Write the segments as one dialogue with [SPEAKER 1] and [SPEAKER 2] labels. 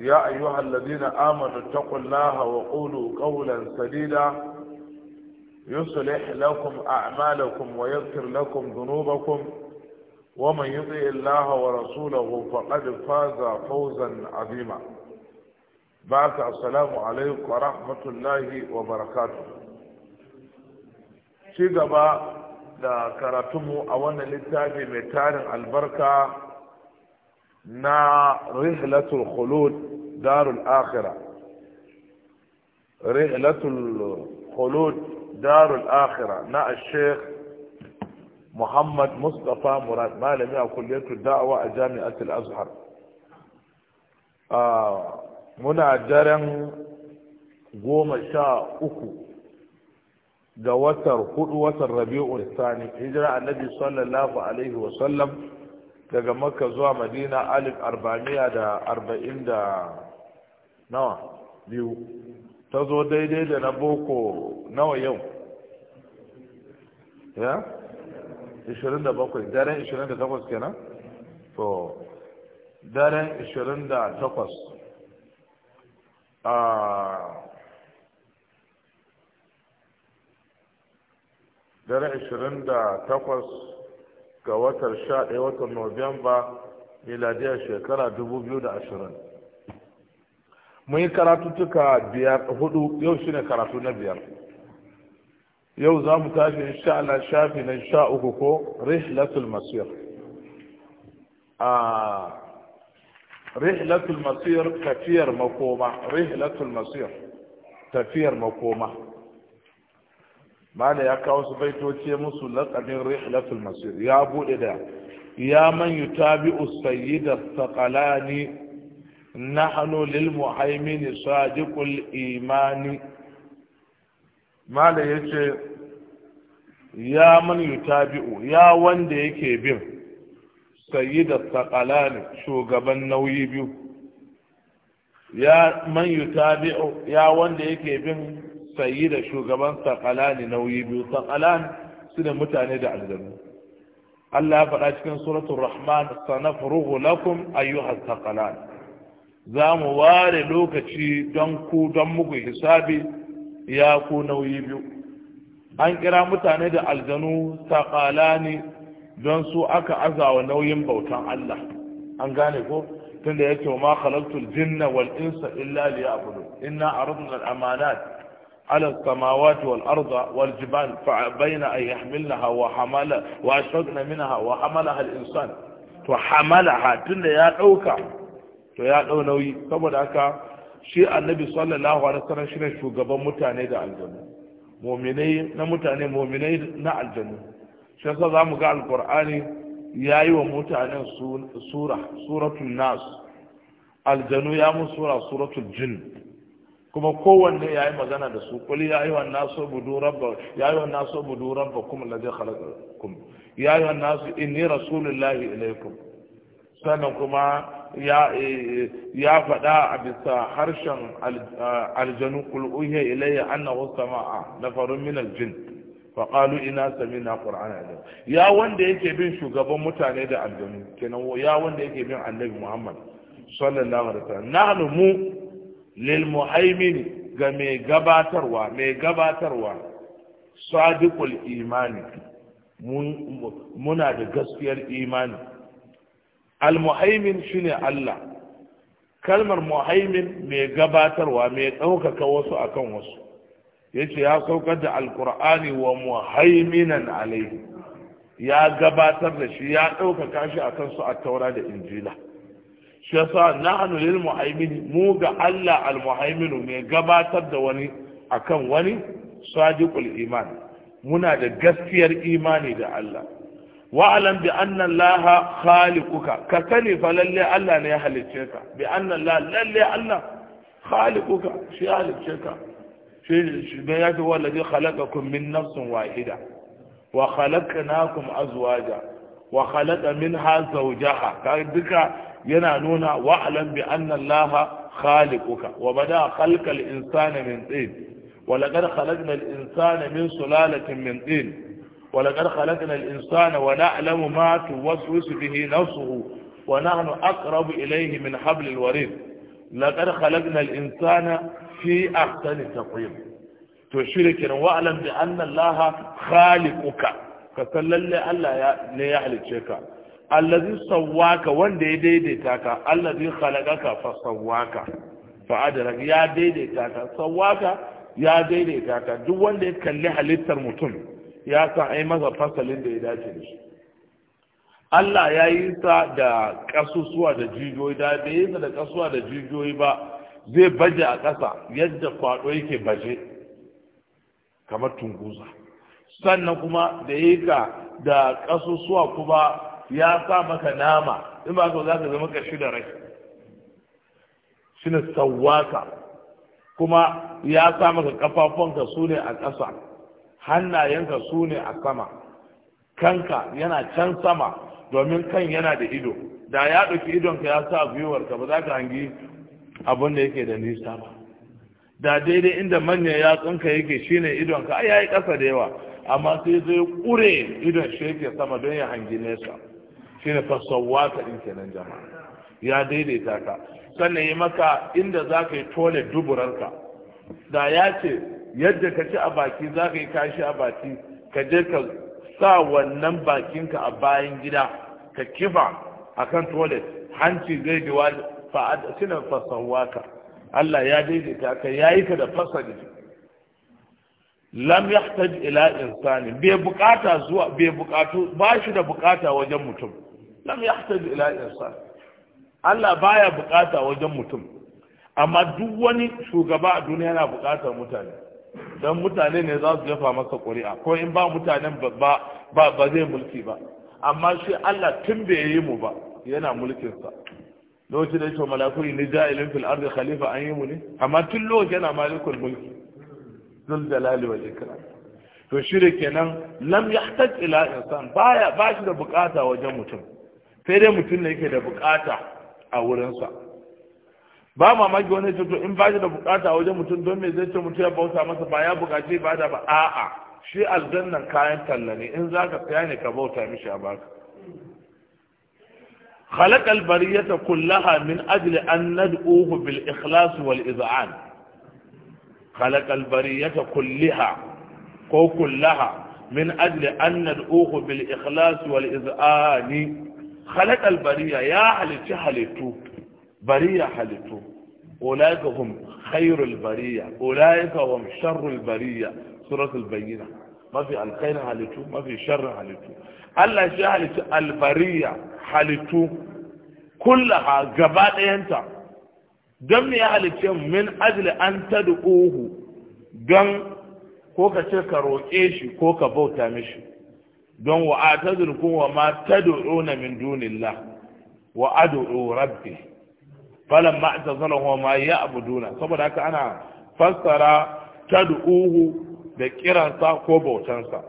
[SPEAKER 1] يا أيها الذين آمنوا اتقوا الله وقولوا قولا سديدا يصلح لكم أعمالكم ويغفر لكم ذنوبكم ومن يطيع الله ورسوله فقد فاز فوزا عظيما بعد السلام عليكم ورحمة الله وبركاته شيء da karatunmu a wannan littafi mai tarin albarka na rihlatul khulud darul akhira rihlatul khulud darul akhira na sheikh muhammad mustapha murad malami a kulliyatul da'awa a jami'atul azhar ah, muna daren goma sha uku ga watar hudu watan rabi'ul sani hijira annabi sallallahu alaihi wasallam daga maka zuwa madina alif arba'amiya da arba'in da nawa biyu ta zo daidai da na boko nawa yau ya 27 daren 28 kenan to daren 28 a ah, daren 28 ga watar 11 watan Nuwamba miladiyar shekara 2020 mun yi karatuttuka biyar hudu yau shine karatu na biyar yau za mu tashi insha Allah shafi na sha uku ko rihlatul masir a rihlatul masir tafiyar makoma rihlatul masir tafiyar makoma mala ya kawo su ce musu laqabin rihlatul masir ya bude da ya man yutabi'u sayyida saqalani nahnu lil muhaimin sadiqul imani mala yace ya man yutabi'u ya wanda yake bin sayyida saqalani shugaban nauyi biyu ya man yutabi'u ya wanda yake bin sayi da shugaban sakalani nauyi biyu sakalan su ne mutane da aljanu Allah ya faɗa cikin suratul rahman sanafruhu lakum ayyuhas sakalan za mu ware lokaci don ku don muku hisabi ya ku nauyi biyu an kira mutane da aljanu takalani don su aka azawa nauyin bautan Allah an gane ko tunda yake ma khalaqtul jinna wal insa illa liya'budun inna aradna al amanat على السماوات والأرض والجبال فبين أن يحملنها وحمل وأشفقن منها وحملها الإنسان وحملها تن يا دوكا to ya dau nauyi saboda haka shi annabi sallallahu alaihi wasallam shugaban mutane da aljanna mu'minai na mutane mu'minai na aljanna shi yasa zamu ga alqur'ani yayi wa mutanen sura suratul aljanu ya mun sura suratul jinn kuma kowanne ya yi magana da su qul ya yi ayyuhan nasu budu rabba ya ayyuhan nasu budu rabbakum alladhi khalaqakum ya ayyuhan nasu inni rasulullahi ilaykum sannan kuma ya eh, ya faɗa a bisa harshen eh, aljanu qul uhiya ilayya annahu sama'a nafarun min aljin fa qalu ina samina qur'ana ya wanda yake bin shugaban mutane da aljanu kenan ya wanda yake bin annabi muhammad sallallahu alaihi wasallam nahnu mu lil muhaimin ga mai gabatarwa mai gabatarwa sadiqul imani muna da gaskiyar imani al muhaimin shine Allah kalmar muhaimin mai gabatarwa mai ɗaukaka wasu akan wasu yace ya saukar da alkur'ani wa muhaiminan alaihi ya gabatar da shi ya ɗaukaka shi akan su a taura da injila shi yasa nahnu lil muhaimin mu ga Allah al muhaimin ne gabatar da wani akan wani sadiqul iman muna da gaskiyar imani da Allah wa alam bi anna Allah khaliquka ka sani fa lalle Allah ne ya halicce ka bi anna Allah lalle Allah khaliquka shi ya halicce ka shi shi ne ya ce wallazi khalaqakum min nafsin wahida wa khalaqnakum azwaja wa khalaqa minha zawjaha ka duka yana nuna wa'alan bi anna Allah khaliquka wa bada khalqal insana min tin wa laqad khalaqna al insana min sulalatin min tin wa laqad khalaqna al insana wa na'lamu ma tuwaswisu bihi nafsuhu wa nahnu aqrabu ilayhi min warid laqad khalaqna al insana fi ahsani taqwim to wa'alan bi Allah khaliquka ka Allah ne ya halicce ka allazi sawwaka wanda ya daidaita ka allazi khalaqaka fa sawwaka fa adara ya daidaita ka sawwaka ya daidaita ka duk wanda ya kalli halittar mutum ya san ai masa fasalin da ya dace da shi Allah ya yi sa da kasusuwa da jijiyoyi da bai yi sa da kasusuwa da jijiyoyi ba zai baje a ƙasa yadda kwaɗo yake baje kamar tunguza sannan kuma da yi ka da kasusuwa kuma ya sa maka nama in ba ka za ka zama ka da rai shi ne sawaka kuma ya sa maka kafafunka su ne a ƙasa hannayenka su ne a sama kanka yana can sama domin kan yana da ido da ya ɗauki idonka ya sa gwiwarka ba za ka hangi abin da yake da nisa ba da daidai inda manyan yatsunka yake shine idonka ai yayi ƙasa da yawa amma sai zai ƙure idon shi yake sama don ya hangi nesa shine ka din kenan jama'a ya daidaita ka sannan yi maka inda za ka yi tole duburarka da ya ce yadda ka ci a baki za ka yi kashi a baki ka je ka sa wannan bakinka a bayan gida ka kifa a kan toilet hanci zai biwa fasawa ka Allah ya daidaita ka ya yi ka da fasali lam yahtaj ila insani bai bukata zuwa bai bukatu ba shi da bukata wajen mutum lam yahtaj ila insan Allah baya bukata wajen mutum amma duk wani shugaba a duniya yana bukatar mutane dan mutane ne za su jefa masa ƙuri'a ko in ba mutanen ba ba zai mulki ba amma shi Allah tun bai yi mu ba yana mulkin sa lokacin da ya ce malaku ni ja'ilin fil ardi khalifa an yi mu ne amma tun lokacin yana malikul mulki zul jalali wa ikram to shi kenan lam yahtaj ila insan baya ba shi da bukata wajen mutum sai dai mutum ne yake da bukata a wurinsa ba mamaki wani ce in ba da bukata a wajen mutum don me zai ce mutum ya bauta masa ba ya bukaci ba da ba a'a shi aljannan kayan talla ne in za ka saya ne ka bauta mishi a baka خلق البرية كلها من أجل أن ندعوه بالإخلاص والإذعان خلق البرية كلها كو كلها من أجل أن ندعوه بالإخلاص والإذعان khalaqal bariya ya halitti halittu bariya halittu ulaika hum khairul bariya ulaika hum bayyina mafi alkhairin halittu mafi sharrin halittu Allah shi halittu albariya halittu kullaha gaba ɗayanta don me ya halitta min ajli an tad'uhu don ko ka ce ka roƙe shi ko ka bauta mishi don wa atazurkum wa ma na min dunillah wa ad'u rabbi falamma atazalahum wa ma ya'buduna saboda haka ana fassara tad'uhu da kiransa ko bautansa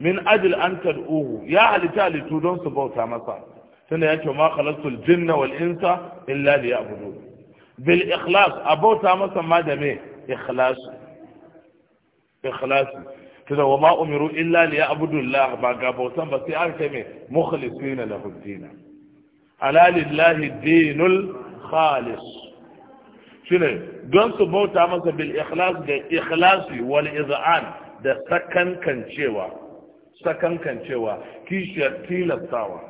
[SPEAKER 1] min ajil an tad'uhu ya halitta halittu don su bauta masa tunda yake ma khalaqtul jinna wal insa illa liya'budun bil ikhlas a bauta masa ma da me ikhlas ikhlas tunda wa ma umiru illa li ya'budullah ba ga bautan ba sai aka me mukhlisina lahu na ala lillahi dinul khalis shine don su bauta masa bil ikhlas da ikhlasi wal iz'an da sakankancewa cewa kishiyar tilastawa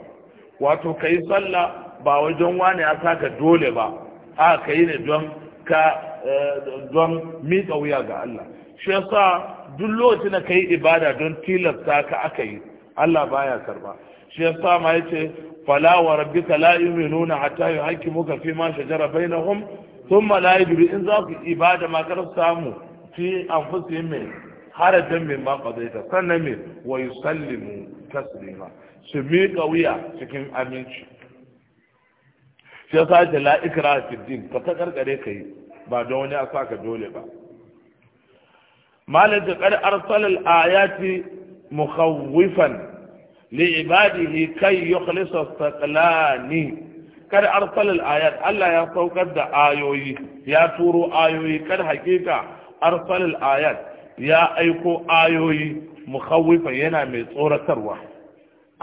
[SPEAKER 1] wato kai sallah ba wajen wani ya saka dole ba a kai ne don ka eh, don miƙa wuya ga Allah shi yasa duk lokacin da kai ibada don tilasta ka aka yi Allah baya karba shi yasa ma yace fala wa rabbika la yu'minuna hatta yuhaqqimuka fi ma shajara bainahum thumma la yadri in za ku ibada ma kar samu fi anfusihim min harajan min ma qadaita sannan min wa yusallimu taslima su miƙa wuya cikin aminci shi yasa ta la ikra fi din ka ta karkare kai ba don wani asaka ka dole ba ما لتقر أرسل الآيات مخوفا لعباده كي يخلص الثقلاني كر أرسل الآيات الله يصوك آيوي يا تورو آيوي كر حقيقة أرسل الآيات يا أيكو آيوي مخوفا ينا من صورة تروى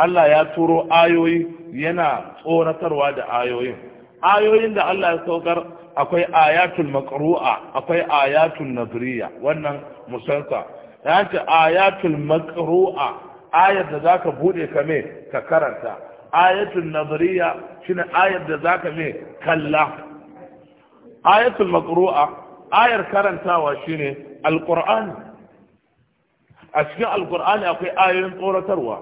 [SPEAKER 1] الله يا تورو آيوي ينا صورة تروى دعاء آيوي آيوي إن الله يصوك akwai ayatul maqru'a akwai ayatul nadriya wannan musalsa ya ce ayatul maqru'a ayar da zaka buɗe ka me ka karanta ayatul nadriya ne ayar da zaka me kalla ayatul maqru'a ayar karantawa shine alqur'ani a cikin alqur'ani akwai ayoyin tsoratarwa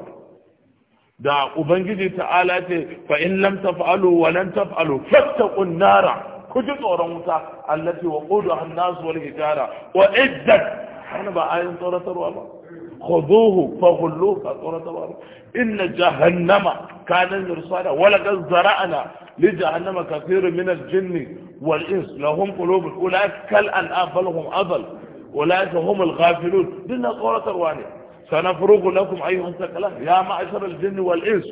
[SPEAKER 1] da ubangiji ta'ala ce fa in lam taf'alu wa lan taf'alu fattaqun nara ku ji tsoron wuta allati wa qudu an-nas wal hijara wa ana ba ayin ba خذوه فغلوه فقرة بارك إن جهنم كان مرصادا ولقد زرعنا لجهنم كثير من الجن والإنس لهم قلوب أولئك كالأنعام بل هم أضل أولئك هم الغافلون دلنا قرة روانية سنفرغ لكم أيها الثقلان يا معشر الجن والإنس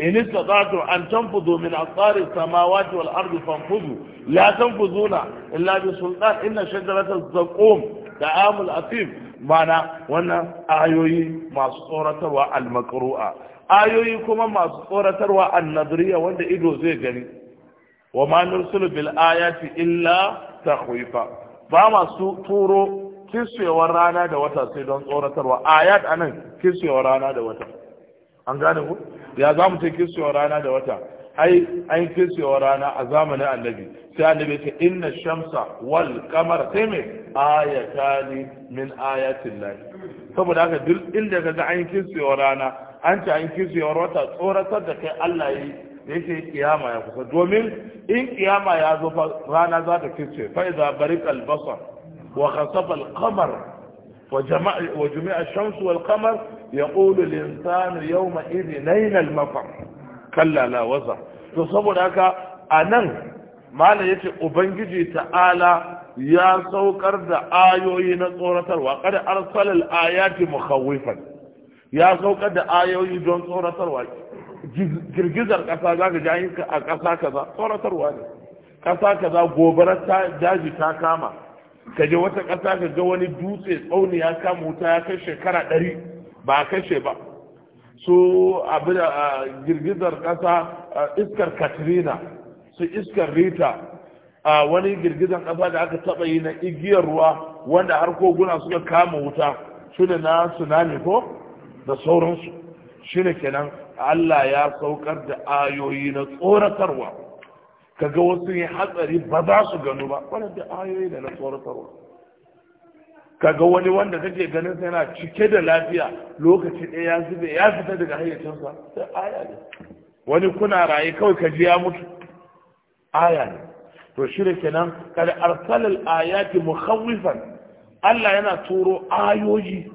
[SPEAKER 1] إن استطعتم أن تنفذوا من أقطار السماوات والأرض فانفذوا لا تنفذون إلا بسلطان إن شجرة الزقوم طعام الأثيم معنى وأن آيوي مصورة والمقروءة آيوي كما مصورة والنظرية وأن إدو زيجني وما نرسل بالآيات إلا تخويفا فما سوء kisuwar rana da wata sai don tsoratarwa ayat anan kisuwar rana da wata an gane ku ya za mu ce kisuwar rana da wata ai an kisuwar rana a zamanin annabi sai annabi ce inna shamsa wal qamar sai me ayatani min ayatin lahi saboda haka duk inda ka ga an kisuwar rana an ce an kisuwar wata tsoratar da kai Allah yi da yake kiyama ya kusa domin in kiyama ya zo rana za ta kiswe fa iza barikal basar وخطف القمر وجمع, وجمع الشمس والقمر يقول الإنسان يومئذ نين المفر كلا لا وزر تصبر أكا أنن ما لا يتي أبنجي تعالى يا سوكر دا آيوين صورة وقد أرسل الآيات مخوفا يا سوكر دا آيوين دون صورة وقد girgizar ƙasa za ka ja a ƙasa kaza tsoratarwa ne ƙasa kaza gobarar daji ta kama ka je wata ƙasa ka ga wani dutse tsauni ya kama wuta ya kai shekara ɗari ba a kashe ba su abin girgizar ƙasa iskar katrina su iskar rita a wani girgizar ƙasa da aka taɓa yi na igiyar ruwa wanda har koguna suka kama wuta su da na tsunami ko da sauransu shi ne kenan allah ya saukar da ayoyi na tsoratarwa kaga wasu yi hatsari ba za su gano ba waɗanda ayoyi da na tsoratarwa kaga wani wanda kake ganin sa yana cike da lafiya lokaci ɗaya ya zube ya fita daga hayyacinsa sai aya ne wani kuna raye kawai ka ji ya mutu aya ne to shirya kenan kada arsalal ayati mukhawifan Allah yana turo ayoyi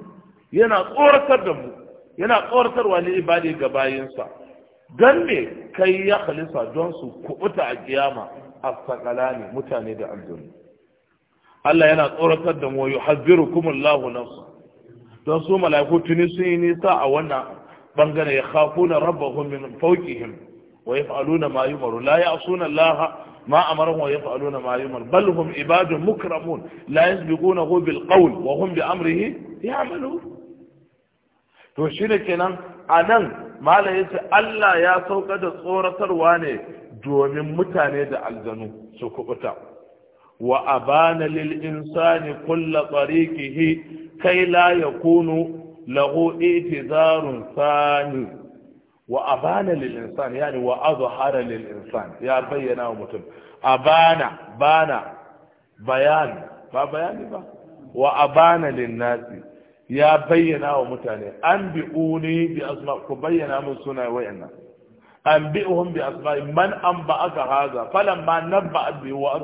[SPEAKER 1] yana tsoratar da mu yana tsoratarwa ne ibadi ga bayinsa don me kai ya khalifa don su kubuta a kiyama as-saqalani mutane da aljanu Allah yana tsoratar da mu yuhazzirukumullahu nafsa don su mala'iku tuni sun yi nisa a wannan bangare ya khafuna rabbahum min fawqihim wa yaf'aluna ma yumaru la ya'suna Allah ma wa yaf'aluna ما أمرهم ويفعلون ما يؤمر بل هم عباد bil qawl wa hum bi amrihi ya'malu to shine kenan anan malam yace Allah ya sauka da tsoratarwa ne domin mutane da aljanu su kubuta wa abana lil insani kullu tariqihi kai la yakunu lahu itizarun sani wa abana lil insani yani wa azhara lil insani ya bayyana wa mutum abana bana bayan ba bayani ba wa abana lin nasi ya bayyana wa mutane an bi bi'uni bi asma ku bayyana mun suna wayannan an bi bi'uhum bi asma man an ba aka haza ma falamma nabba'a bi wa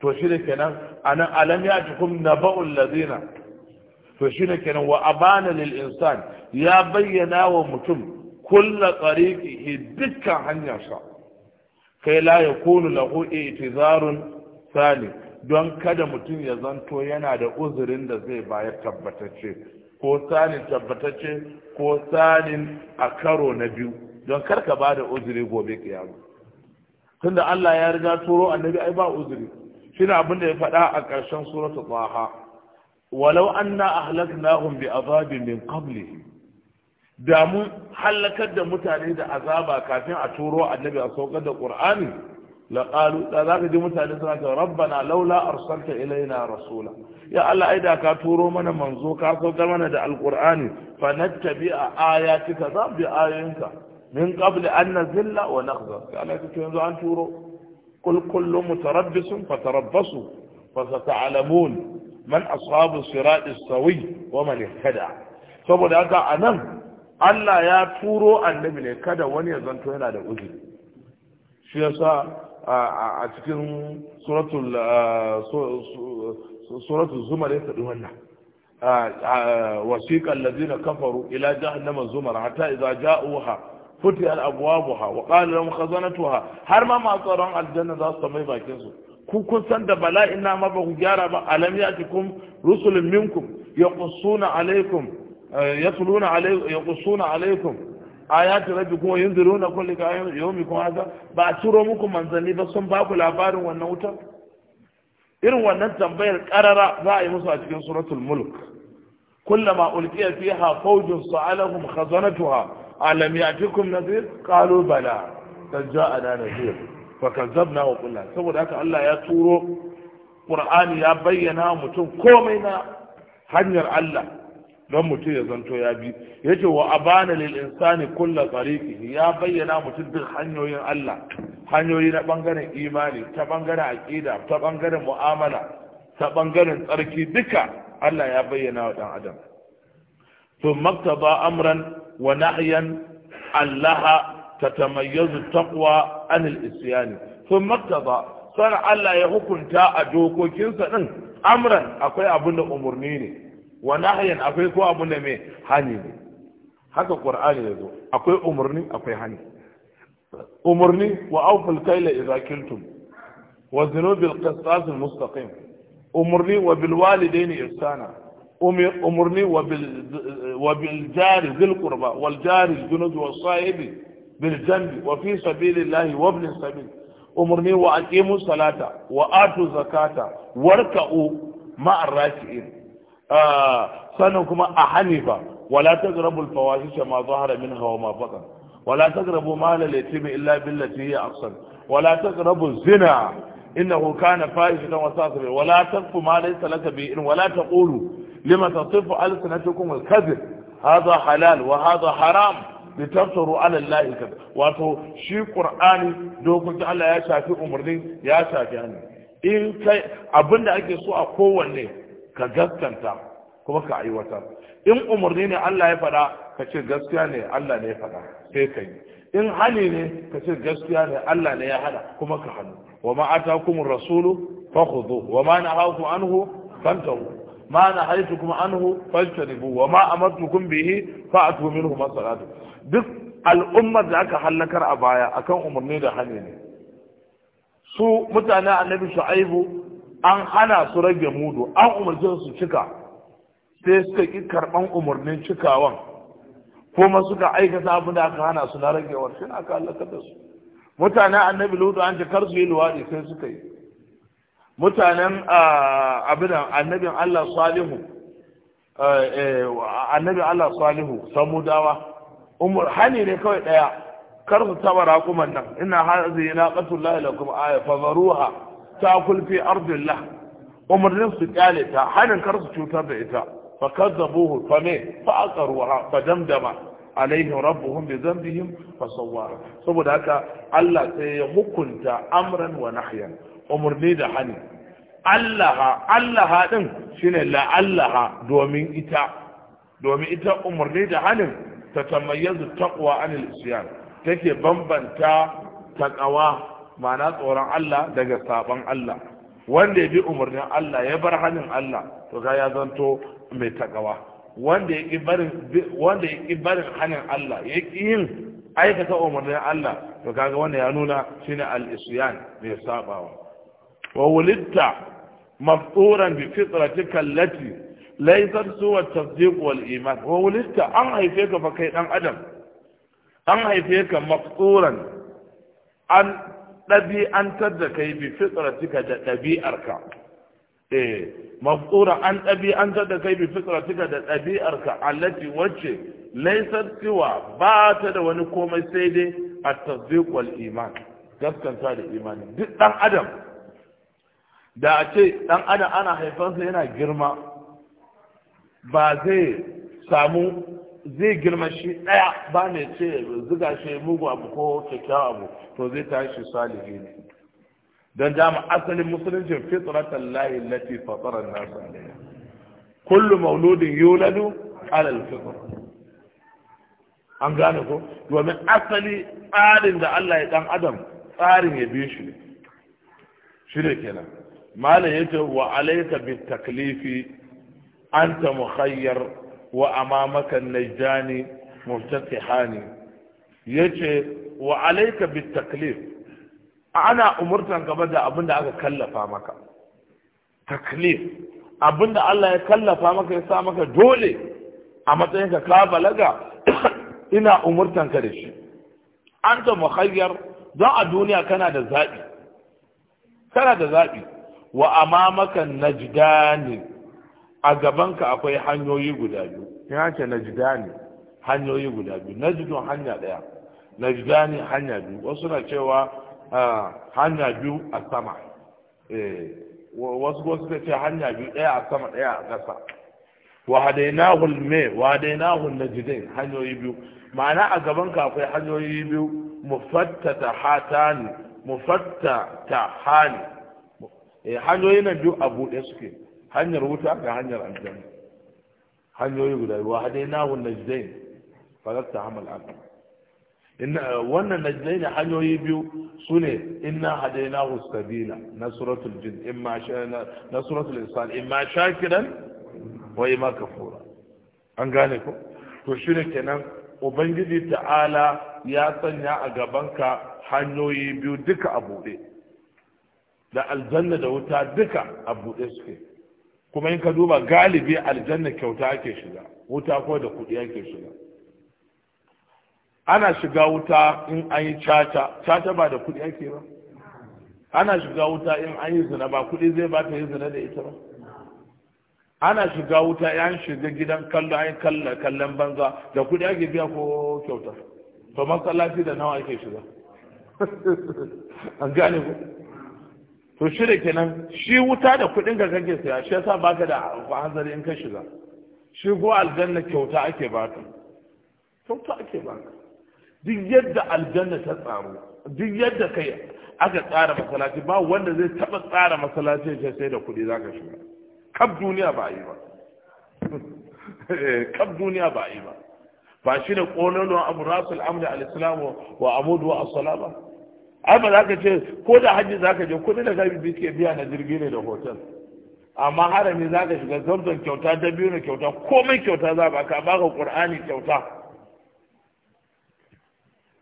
[SPEAKER 1] to shi ne kenan anan alam ya'tikum naba'ul ladina to shi ne kenan wa abana lil insan ya bayyana wa mutum kulla tariqihi dukkan hanyarsa kai la yakunu lahu i'tizarun sani? don kada mutum ya zanto yana da uzurin da zai bayar tabbatacce ko salin tabbatacce ko salin a karo na biyu don karka ba da uzuri gobe kiyama tunda Allah ya riga turo annabi ai ba uzuri shine abin da ya faɗa a ƙarshen suratul taha walau anna ahlaknahum bi azabin min qablihi da mun halakar da mutane da azaba kafin a turo annabi a saukar da qur'ani لقالوا لا ذاك دي متعدد سنك ربنا لولا أرسلت إلينا رسولا يا الله إذا كاتورو من منزو كاتو كمان دا القرآن فنتبع آياتك ذا بآيينك من قبل أن نزل ونخذر كان يتكلمون عن تورو قل كل متربس فتربصوا فستعلمون من أصحاب الصراط السوي ومن اهتدى فبدا أنم ألا يا تورو النبي كذا وني زنتو هنا لأذن شو a cikin suratul suratul zumar ya faɗi wannan wasiqa lazina kafaru ila jahannama zumar hatta idza ja'uha futihat abwabuha wa qala lahum har ma masu tsaron aljanna za su mai bakin su ku kun san da bala'in na ma ba ku gyara ba alam kun rusulun minkum yaqussuna alaykum eh, yatluna alaykum ayatu rabbikum wa yunziruna kulli yawmikum hadha ba a turo muku manzanni ba sun ba ku labarin wannan wutar irin wannan tambayar karara za a yi musu a cikin suratul mulk kullama ulqiya fiha fawjun sa'alahum khazanatuha alam ya'tikum nadhir qalu bala taja'ana nadhir fakazzabna wa qulna saboda haka Allah ya turo qur'ani ya bayyana mutum komai na hanyar Allah don mutum ya zanto ya bi ya ce wa abana lil insani kulla tsariki ya bayyana mutum duk hanyoyin Allah hanyoyi na bangaren imani ta bangaren aƙida ta bangaren mu'amala ta bangaren tsarki duka Allah ya bayyana wa ɗan adam to maktaba amran wa nahyan allaha tatamayyazu taqwa anil isyani to maktaba sana Allah ya hukunta a dokokinsa din amran akwai abin da umarni ne wa nahyan akwai ko abu da mai hani ne haka qur'ani ya zo akwai umarni akwai hani umarni wa awful kayla idza kiltum wa qisas al mustaqim umarni wa bil ihsana wa bil wa bil jari qurba wal jari junud wa sahibi bil wa fi sabilillahi wa ibn sabil wa aqimu salata wa atu zakata warka'u ma'ar raki'in sannan kuma a hanifa wala tazrabu al-fawahisha ma zahara minha hawa ma baqa wala tazrabu mal al-yatim illa billati hiya ahsan wala tazrabu zina innahu kana fahishatan wa sa'ira wala taqfu ma laysa laka bi in wala taqulu lima tasifu alsinatukum al-kadhib hadha halal wa hadha haram litaftaru ala allahi kadhib wato shi qur'ani dokoki Allah ya shafi umarni ya shafi hannu in kai abinda ake so a kowanne ka gaskanta kuma ka aiwatar in umarni ne Allah ya faɗa ka ce gaskiya ne Allah ne ya faɗa sai ka yi in hani ne ka ce gaskiya ne Allah ne ya hada kuma ka hannu wa ma atakum rasulu fakhudhu wa ma nahakum anhu fantahu ma nahaytukum anhu fajtanibu wa ma amartukum bihi fa'tu minhu masalatu duk al'ummar da aka hallakar a baya akan umarni da hani ne su mutane annabi shu'aibu an hana su rage mudu an umarci su cika sai suka ki karban umarnin cikawan kuma suka aikata abin da aka hana su na ragewar shi aka halaka da su mutanen annabi lutu an ce kar su yi luwaɗi sai suka yi mutanen abinda annabin Allah salihu e, annabi Allah salihu samudawa umar hani ne kawai daya kar su taba raƙuman nan ina hazi na qatullahi lakum aya fa zaruha ta kulfi ardillah umarnin su kyale ta hanin kar su cutar da ita fa kazzabuhu fa me fa aqruha fa damdama alaihim rabbuhum bi dhanbihim fa saboda haka Allah sai ya hukunta amran wa nahyan umarni da hani Allah Allah din shine la Allah domin ita domin ita umarni da hanin ta tamayyazu taqwa anil isyan take bambanta taqawa ma'ana tsoron Allah daga saban Allah wanda ya bi umarnin Allah ya bar hannun Allah to ga ya zanto mai takawa wanda ya ki barin wanda ya ki barin hannun Allah ya ki yin aikata umarnin Allah to kaga wanda ya nuna shine al-isyan mai sabawa wa wulitta mafturan bi fitratika allati laysat suwa tasdiq wal iman wa wulitta an haife ka fa kai dan adam an haife ka mafturan an ɗabi'antar da kai bi fitratika da ɗabi'arka eh mafura an ɗabi'antar da kai bi fitratika da ɗabi'arka allati wacce laysat siwa ba ta da wani komai sai dai at-tasdiq wal iman gaskanta da imani duk dan adam da a ce dan adam ana haifansa yana girma ba zai samu zai girma shi ɗaya ba ne ce ziga shi mugu abu ko kyakkyawa abu to zai tashi salihi ne don dama asalin musuluncin fitratan layi lati fataran nasu alaiha Kullum mauludin yuladu alal alfitr an gane ko domin asali tsarin da Allah ya dan adam tsarin ya bi shi ne. shi ne kenan malam yace wa alaika bi taklifi anta mukhayyar wa amamaka najjani murtatihani yace wa alayka bit taklif ana umurtan gaba da abinda aka kallafa maka taklif abinda Allah ya kallafa maka ya sa maka dole a matsayin ka ka balaga ina umurtan ka da shi anta mukhayyar don a duniya kana da zabi kana da zabi wa amamakan najdani a gabanka akwai hanyoyi guda biyu ya ce jidani hanyoyi guda biyu na jidon hanya ɗaya na jidani hanya biyu wasu na cewa hanya biyu a sama eh, wasu ko suka ce hanya biyu ɗaya a sama ɗaya a ƙasa wa hadainahu me wa na jidai hanyoyi biyu ma'ana a gabanka akwai hanyoyi biyu mufattata hatani mufattata hani eh, hanyoyi na biyu a buɗe suke hanyar wuta ga hanyar aljanna hanyoyi guda biyu wa dai nahun najdain falasta hamal aka wannan najdain hanyoyi biyu sune na hadainahu sabila na suratul jin imma na suratul insan imma shakiran wa imma kafura an gane ku. to shine kenan ubangiji ta'ala ya sanya a gabanka hanyoyi biyu duka a buɗe da aljanna da wuta duka a buɗe suke kuma in ka duba galibi aljanna kyauta ake shiga wuta ko da kuɗi ake shiga ana shiga wuta in an yi caca caca ba da kuɗi ake ba ana shiga wuta in an yi zina ba kuɗi zai ba ta yi zina da ita ba ana shiga wuta yan shiga gidan kallo an kalla kallon banza da kuɗi ake biya ko kyauta to masallaci da nawa ake shiga an gane ku to shi da kenan shi wuta da kuɗin ga kake saya shi yasa baka da hanzari in ka shiga shi go aljanna kyauta ake baka kyauta ake baka duk yadda aljanna ta tsaro duk yadda kai aka tsara masalaci ba wanda zai taba tsara masalaci ya sai da kuɗi zaka shiga kab duniya ba yi ba kab duniya ba yi ba ba shi ne ƙololuwan abu rasul amri al-islam wa amudu wa as-salama ai ba za ka ce ko da hajji za ka je kuɗi da gabi ke biya na jirgi ne da hotel amma harami za ka shiga zamzan kyauta da biyu na kyauta komai kyauta za ba ka baka qur'ani kyauta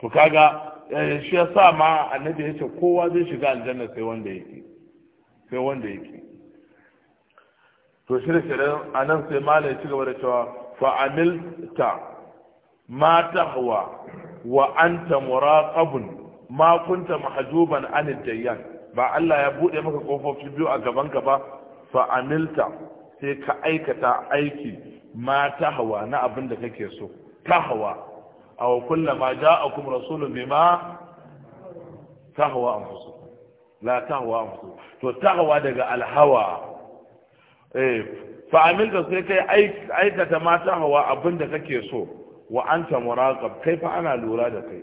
[SPEAKER 1] to kaga eh, shi yasa ma annabi ya ce kowa zai shiga aljanna sai wanda yake sai wanda yake to shi da shirin anan sai mala ya ci gaba da cewa fa amilta ma tahwa wa anta muraqabun ma kunta mahjuban anid dayyan ba Allah ya bude maka kofofi biyu a gaban ka ba fa amilta sai ka aikata aiki ma ta hawa na abin da kake so ta hawa aw kullama ja'akum rasulun bima ta hawa anfusukum la ta hawa anfusukum to ta hawa daga alhawa eh fa amilta sai kai aikata ma ta hawa abin da kake so wa anta muraqab kai fa ana lura da kai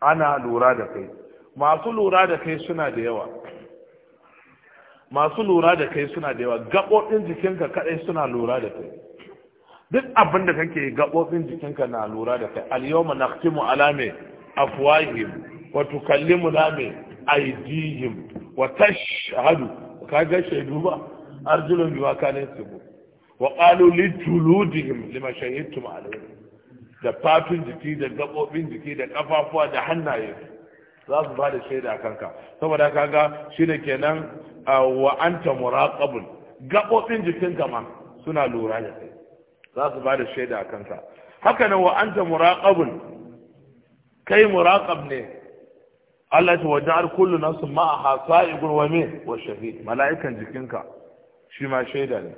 [SPEAKER 1] ana lura da kai masu lura da kai suna da yawa masu lura da kai suna da yawa gaɓoɓin jikinka kaɗai suna lura da kai duk abin da kake gaɓoɓin jikinka na lura da kai al-yawma nakhtimu ala me afwahim wa tukallimuna me aydihim wa tashhadu ga shaidu ba arjulun biwa kanin su wa qalu li juludihim lima shahidtum alayhi da fatun jiki da gabobin jiki da kafafuwa da hannaye za su ba da shaida a kanka saboda kaga shi ne kenan wa anta muraqabun gabobin jikinka ma suna lura da kai za su ba da shaida a kanka haka nan wa anta muraqabun kai muraqab ne Allah ta wajar kullu nasu ma hasaiqun wa min wa shahid mala'ikan jikinka shi ma shaida ne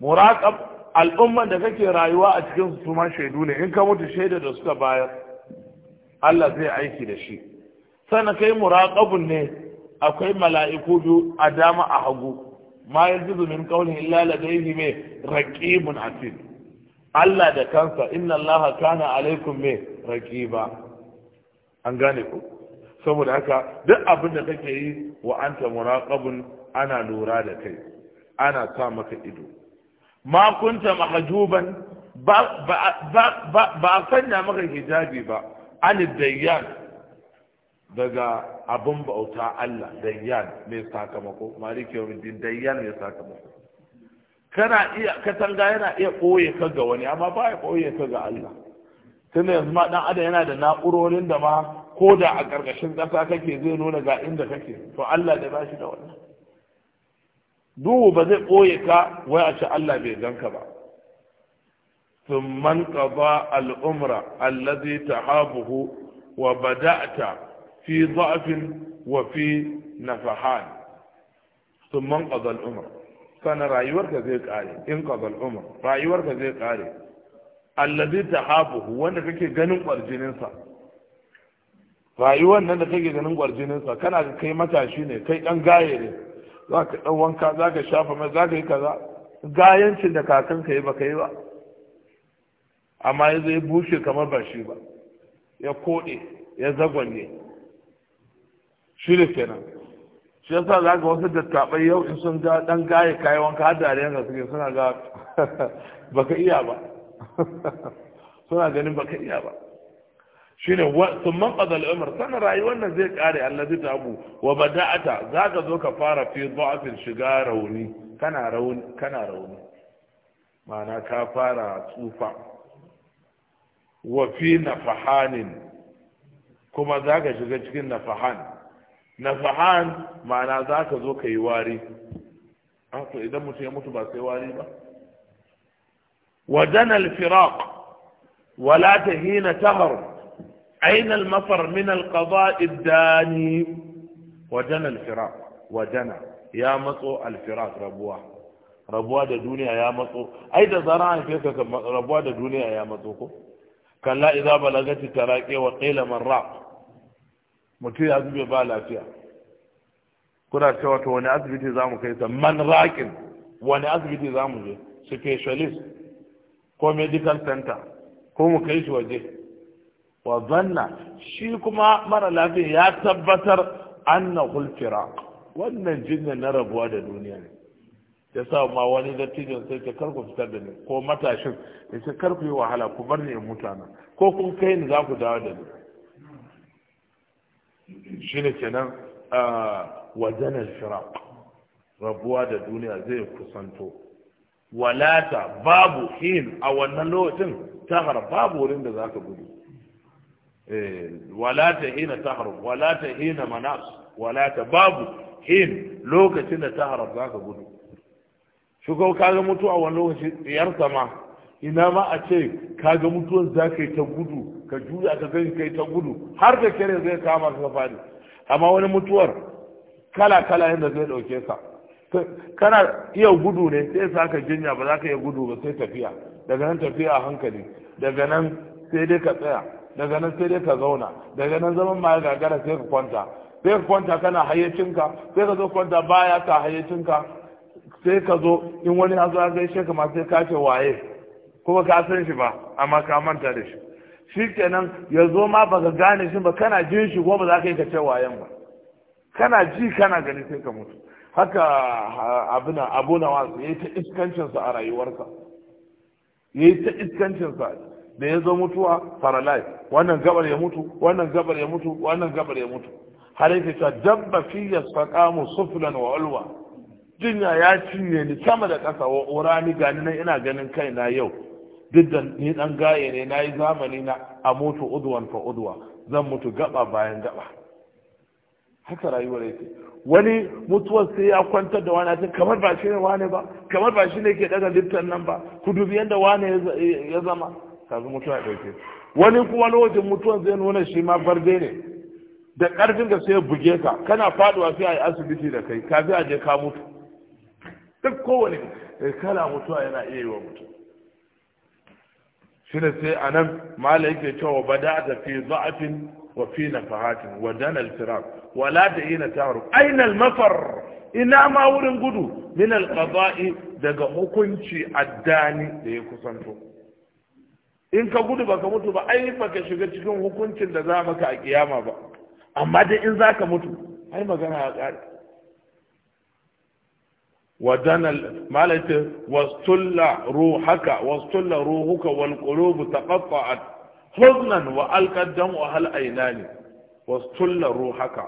[SPEAKER 1] muraqab al'umman da kake rayuwa a cikin su ma shaidu ne in ka mutu shaida da suka bayar Allah zai aiki da shi sannan kai muraqabun ne akwai mala'iku biyu a dama a hagu ma yanzu min qawli illa ladayhi me raqibun atid Allah da kansa inna Allah kana alaikum me raqiba an gane ku saboda haka duk abin da kake yi wa anta muraqabun ana lura da kai ana sa maka ido ma kunta mahjuban ba a sanya maka hijabi ba ani dayyan daga abin bauta Allah dayyan mai sakamako maliki yawmiddin dayyan mai sakamako kana iya katanga yana iya koye ka ga wani amma ba ya koye ka ga Allah da yanzu ma dan adam yana da na'urorin da ma ko da a ƙarƙashin ƙasa kake zai nuna ga inda kake to Allah da bashi da wannan duhu ba zai ɓoye ka wai a ce Allah bai gan ka ba thumman qada al-umra allazi tahabuhu wa bada'ta fi dha'fin wa fi nafahan thumman qada al-umra kana rayuwarka zai kare in qada al rayuwarka zai kare allazi tahabuhu wanda kake ganin kwarjinin rayuwar nan da kake ganin kwarjinin sa kana kai matashi ne kai ɗan gaye ne za ka ɗan wanka za ka shafa mai za ka yi kaza gayancin da kakan ka yi ba ka yi ba amma ya zai bushe kamar ba shi ba ya koɗe ya zagwanye shi da kenan shi yasa za ga wasu taɓai yau in sun ga ɗan gaye kayan wanka har dariyar da suke suna ga baka iya ba suna ganin baka iya ba shine sun man qadal umar sana rayuwar nan zai kare allazi ta abu wa bada'ata ka zo ka fara fi dha'fin shiga rauni kana rauni kana ma'ana ka fara tsufa wa fi nafahanin kuma za ka shiga cikin nafahan nafahan ma'ana ka zo ka yi wari to idan mutum ya mutu ba sai wari ba wa Danal al-firaq wala tahina tahar aina al-mafar min al-qada' ya matso al rabuwa rabuwa da duniya ya matso ai da zara an kai ka rabuwa da duniya ya matso ko kalla idza balagati taraqi wa qila man raq mutu ba lafiya kuna cewa to wani asibiti za mu kai sa man wani asibiti za mu je specialist ko medical center ko mu kai shi waje wa zanna shi kuma mara lafiya ya tabbatar annahu firaq wannan jinnan na rabuwa da duniya ne ya sa ma wani dattijan sai ka karku ku fitar da ni ko matashin ya ce karku yi wahala ku bar ni in na ko kun kai ni za ku dawo da ni shine kenan wa zanna firaq rabuwa da duniya zai kusanto walata babu hin a wannan lokacin tahar babu wurin da za ka gudu Eh, wala ta hina tahrum wala ta hina manas wala babu hin lokacin da za zaka gudu shugo kaga mutuwa wani lokaci tsiyar sama ina ma a ce kaga mutuwan zaka yi ta gudu ka juya ka gani kai ta gudu har da kare zai kama ka fadi amma wani mutuwar kala kala yadda zai dauke ka kana iya gudu ne sai sa ka jinya ba za ka iya gudu ba sai tafiya daga nan tafiya a hankali daga nan sai dai ka tsaya daga nan sai dai ka zauna daga nan zaman ma ya gagara sai ka kwanta sai ka kwanta kana hayyacinka sai ka zo kwanta baya ka hayyacinka sai ka zo in wani ya zo gaishe ka ma sai ka ce waye kuma ka san shi ba amma ka manta da shi shi kenan ya zo ma ba ka gane shi ba kana jin shi kuma ba za ka yi ka ce wayen ba kana ji kana gani sai ka mutu haka abuna abuna wasu ya yi ta iskancinsa a rayuwarsa ya yi ta iskancinsa da ya zo mutuwa paralyze wannan gabar ya mutu wannan gabar ya mutu wannan gabar ya mutu har yake cewa dabba fi yasfaqamu suflan wa ulwa jinya ya cinye ni sama da kasa wa urani gani nan ina ganin kai na yau duk da ni dan gaye ne nayi zamani na a mutu udwan fa udwa zan mutu gaba bayan gaba haka rayuwar yake wani mutuwar sai ya kwantar da wani kamar ba shi ne wane ba kamar ba shi ne ke daga littan nan ba ku dubi yadda wane ya zama kazu mutuwa ya dauke, wani kuma lokacin mutuwan zai nuna shi ma barde ne da karfin da sai buge ka kana faduwa sai a asibiti da kai kafin a je ka mutu duk kowane eh, kala mutuwa yana iya yi wa mutu shi sai a nan mala yake cewa ba da ta fi za'afin wa fi na fahatin wa wa la da ina taru ainal mafar ina ma wurin gudu min alqada'i daga hukunci addani da ya kusanto in ka gudu baka mutu ba ai baka shiga cikin hukuncin da za maka a kiyama ba amma dai in za ka mutu ai magana ya kare wadana malaita wastulla ruhaka wastulla ruhuka wal qulubu taqatta'at huznan wa alqaddam wa hal aynani wastulla ruhaka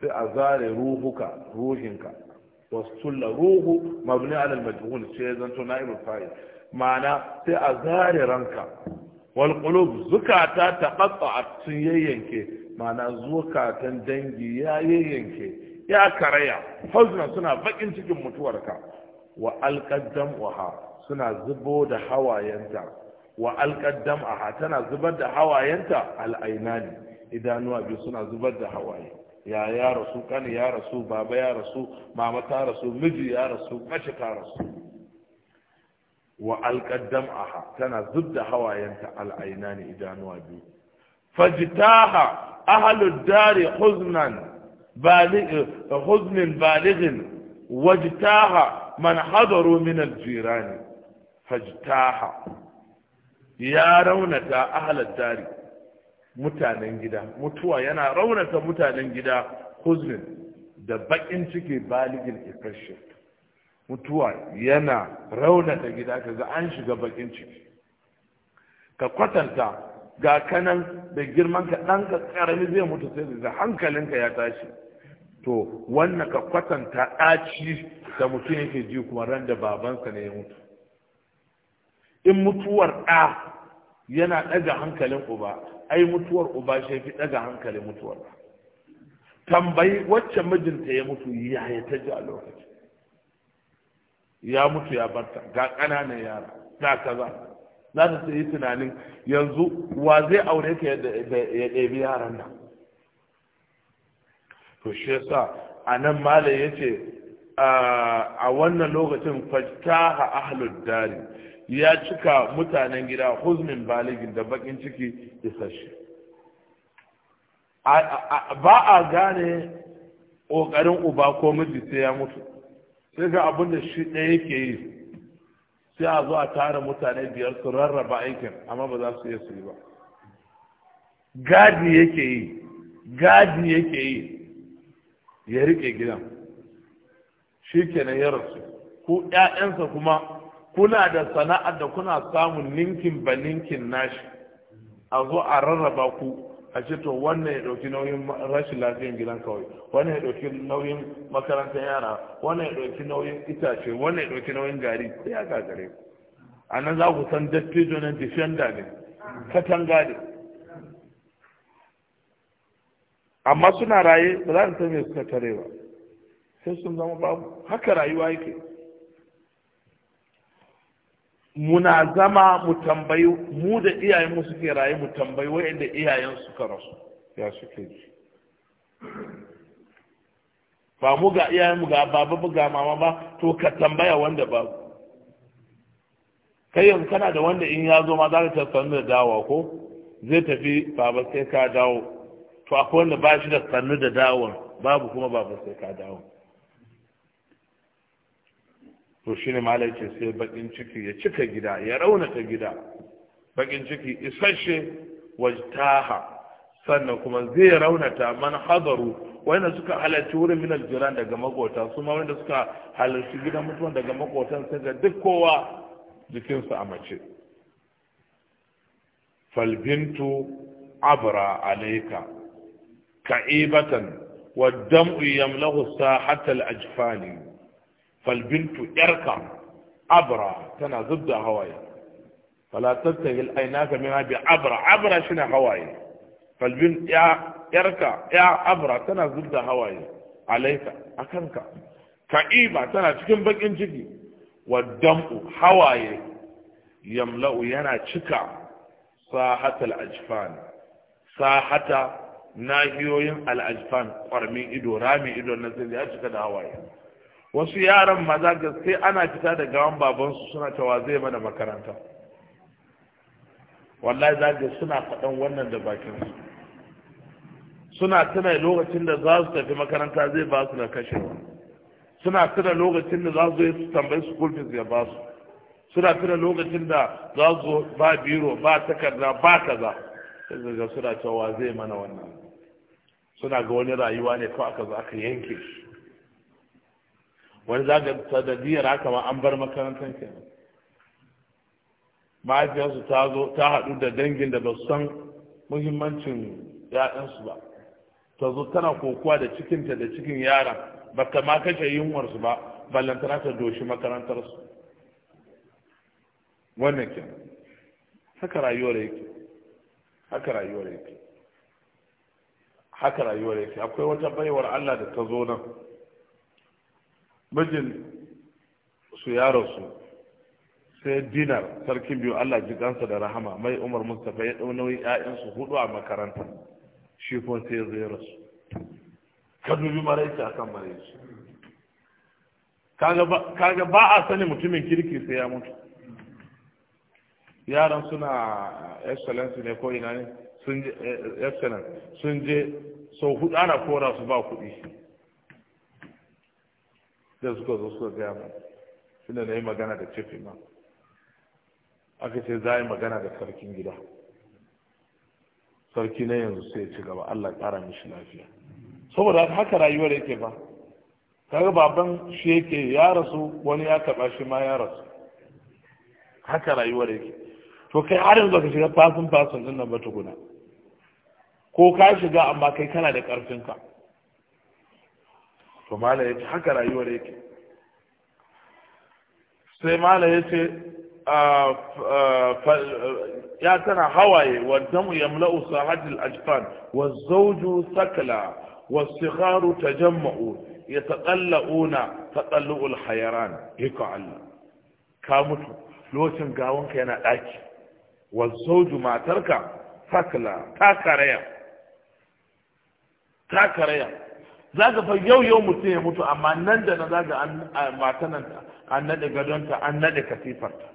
[SPEAKER 1] sai azare ruhuka ruhinka wastulla ruhu mabni ala al majhul sai zanto na'ibul fa'il ma'ana sai a zare ranka wal qulub zukata taqatta'at sun yayyanke ma'ana zukatan dangi ya yayyanke ya karaya huzna suna bakin cikin mutuwarka wa alqaddam ha suna zubo da hawayenta wa alqaddam aha tana zubar da hawayenta al'ainani idanuwa biyu suna zubar da hawaye ya ya rasu kani ya rasu baba ya rasu mama ta rasu miji ya rasu mace ta rasu والقدم اها تنا ضد هواينت عينان إذا نواجه فجتاها اهل الدار حزنا بالغ حزن بالغ وجتاها من حضروا من الجيران فجتاها يا رونتا اهل الدار mutanen gida mutuwa yana raunata mutanen gida huzmin da bakin ciki baligin mutuwa yana raunata gida ka ga an shiga bakin ciki ka kwatanta ga kanan da girman ka dan ka ƙarami zai mutu sai da hankalinka ya tashi to wannan ka kwatanta ɗaci da mutum yake ji kuma ran da babansa ne ya mutu in mutuwar ɗa yana ɗaga hankalin uba ai mutuwar uba shi fi ɗaga hankalin mutuwar tambayi wacce mijinta ya mutu yaya ta ji a lokacin ya mutu ya barta ga ƙananan yara ga kaza za ta yi tunanin yanzu wa zai aure ka ya ɗebi yaran nan to shi yasa a nan malam ya ce a wannan lokacin a ahlud dari ya cika mutanen gida huzmin baligin da bakin ciki shi. ba a gane ƙoƙarin uba ko miji sai ya mutu sai ga abin da shi ɗaya yake yi sai a zo a tara mutane biyar su rarraba aikin amma ba za su iya su yi ba gadi yake yi gadi yake yi ya riƙe gidan shi kenan ya rasu ku ƴaƴansa kuma kuna da sana'ar da kuna samun ninkin ba ninkin nashi a zo a rarraba ku a ce to wannan ya dauki nauyin rashin lafiyan gidan kawai wannan ya ɗauki nauyin makarantar yara wannan ya ɗauki nauyin itace wannan ya ɗauki nauyin gari ya gagare a nan za ku san dattijo na defender ne katanga ne amma suna raye ba za su san me suka tare ba sai sun zama babu haka rayuwa yake muna zama mu tambayi mu da iyayen mu suke raye mu tambayi wa'inda iyayen suka rasu ya suke ji ba mu ga iyayen mu ga baba mu ga mama ba to ka tambaya wanda ba kai yanzu kana da wanda in ya zo ma za ka ta da dawa ko zai tafi baba sai ka dawo to akwai wanda ba shi da sannu da dawon babu kuma baba sai ka dawo to shine ne ce sai bakin ciki ya cika gida ya raunata gida bakin ciki isashe wajtaha sannan kuma zai raunata man hadaru wanda suka halarci wurin minal jiran daga makota su ma wanda suka halarci gidan mutuwan daga makotan sai ga duk kowa jikinsu a mace falbintu abra alaika ka'ibatan wa dam'u yamlahu sahatal ajfani falbintu yarka abra tana zubda hawaye fala tattahil aynaka minha bi abra abra shine hawaye falbin yarka ya abra tana zubda hawaye alaika akanka ka'iba tana cikin bakin ciki wa dam'u hawaye yamla'u yana cika sahata ajfan sahata nahiyoyin al-ajfan kwarmin ido rami ido na sai ya cika da hawaye wasu yaran maza sai ana fita da gawan babansu suna cewa zai mana makaranta wallahi za suna faɗan wannan da bakin su. suna tuna lokacin da za su tafi makaranta zai ba su na kashewa suna tuna lokacin da za su su tambayi su fees ya ba su suna tuna lokacin da za su zo ba biro ba takarda ba kaza sai ga suna cewa zai mana wannan suna ga wani rayuwa ne ko aka zo aka yanke shi wani za ga sadadiyar haka ma an bar makarantar kenan mahaifiyarsu ta zo ta haɗu da dangin da ba su san muhimmancin ‘ya'yansu ba ta zo tana kokuwa da cikinta da cikin yaran ba ta ma kashe yunwarsu ba ballantana ta doshi makarantarsu wannan ke haka rayuwar yake haka rayuwar yake haka rayuwar yake akwai wata baiwar Allah da ta zo nan mijin su ya rasu sai dinar sarkin biyu Allah ji kansa da rahama mai umar mustapha ya ɗau nauyin su hudu a makaranta shi kuma sai ya zai rasu ka dubi maraici akan maraici kaga ba a sani mutumin kirki sai ya mutu yaran suna excellence ne ko ina ne sun je eh, excellence sun je sau hudu ana kora su ba kuɗi sai suka zo suka gaya mun shi da na yi magana da cefi ma aka ce za yi magana da sarkin gida sarki na yanzu sai ci gaba allah ƙara mishi lafiya saboda haka rayuwar yake ba kaga baban shi yake ya rasu wani ya taɓa shi ma ya rasu haka rayuwar yake to kai har yanzu ka shiga fasin fasin din nan ba tukuna ko ka shiga amma kai kana da ƙarfinka to mala ya ce haka rayuwar yake sai mala ya ce ya tana hawaye wa damu yamla'u sahajil ajfan wa zawju sakla wa ya tajamma'u yataqalla'una taqallu'ul hayaran hika Allah ka mutu lokacin gawanka yana ɗaki. wa zawju matarka sakla ta karaya ta karaya za ka fa yau yau mutum ya mutu amma nan da na zaga matanan an naɗe gadonta an naɗe katifarta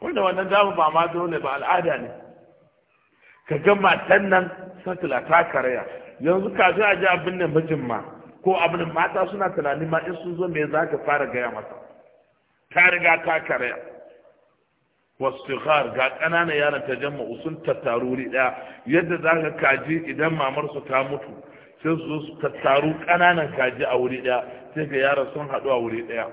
[SPEAKER 1] wanda wannan zamu ba ma dole ba al'ada ne ka ga matan nan sakila ta karaya yanzu kafin a ji abin da mijin ma ko abin mata suna tunani ma in sun zo me za ka fara gaya masa ta riga ta karaya wastighar ga ƙananan yaran ta jama'u sun tattaruri ɗaya yadda zaka kaji idan mamarsu ta mutu sai su tattaru ƙananan kaji a wuri ɗaya sai ga yara sun haɗu a wuri ɗaya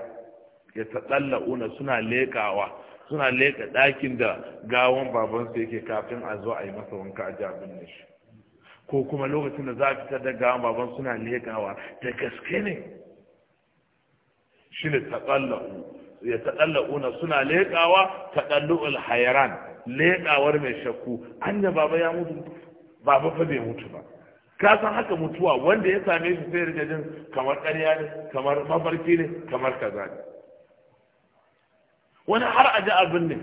[SPEAKER 1] ya taɗalla una suna leƙawa suna leƙa ɗakin da baban babansu yake kafin a zo a yi masa wanka a jabin shi ko kuma lokacin da za a fitar da gawon baban suna leƙawa da gaske ne shi ne ya taɗalla una suna leƙawa taɗallu'ul hayran leƙawar mai shakku an da baba ya mutu baba fa bai mutu ba ka san haka mutuwa wanda ya same shi sai rika jin kamar ƙarya ne kamar mafarki ne kamar kaza ne wani har a ji abin ne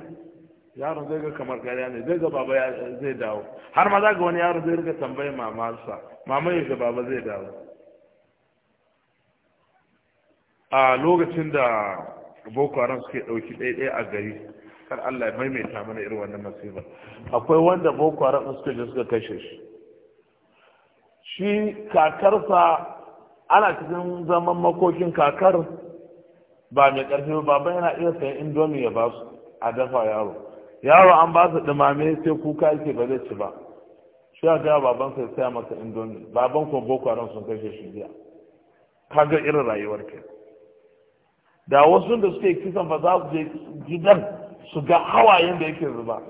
[SPEAKER 1] yaron zai ga kamar ƙarya ne zai ga baba zai dawo har ma za ga wani yaro zai rika tambayi mamarsa mama ga baba zai dawo a lokacin da boko haram suke ɗauki ɗaiɗaya a gari kar allah ya maimaita mana irin wannan masifa akwai wanda boko haram suka je suka kashe shi shi kakarsa ana cikin zaman makokin kakar ba mai ƙarfi ba ba yana iya sayan indomi ya ba su a dafa yaro yaro an ba su ɗumame sai kuka yake ba zai ci ba shi ya gaya baban sai saya masa indomi baban ko boko ran sun kashe shi jiya kaga irin rayuwar ke da wasu da suke kisan ba za su je gidan su ga hawayen da yake zuba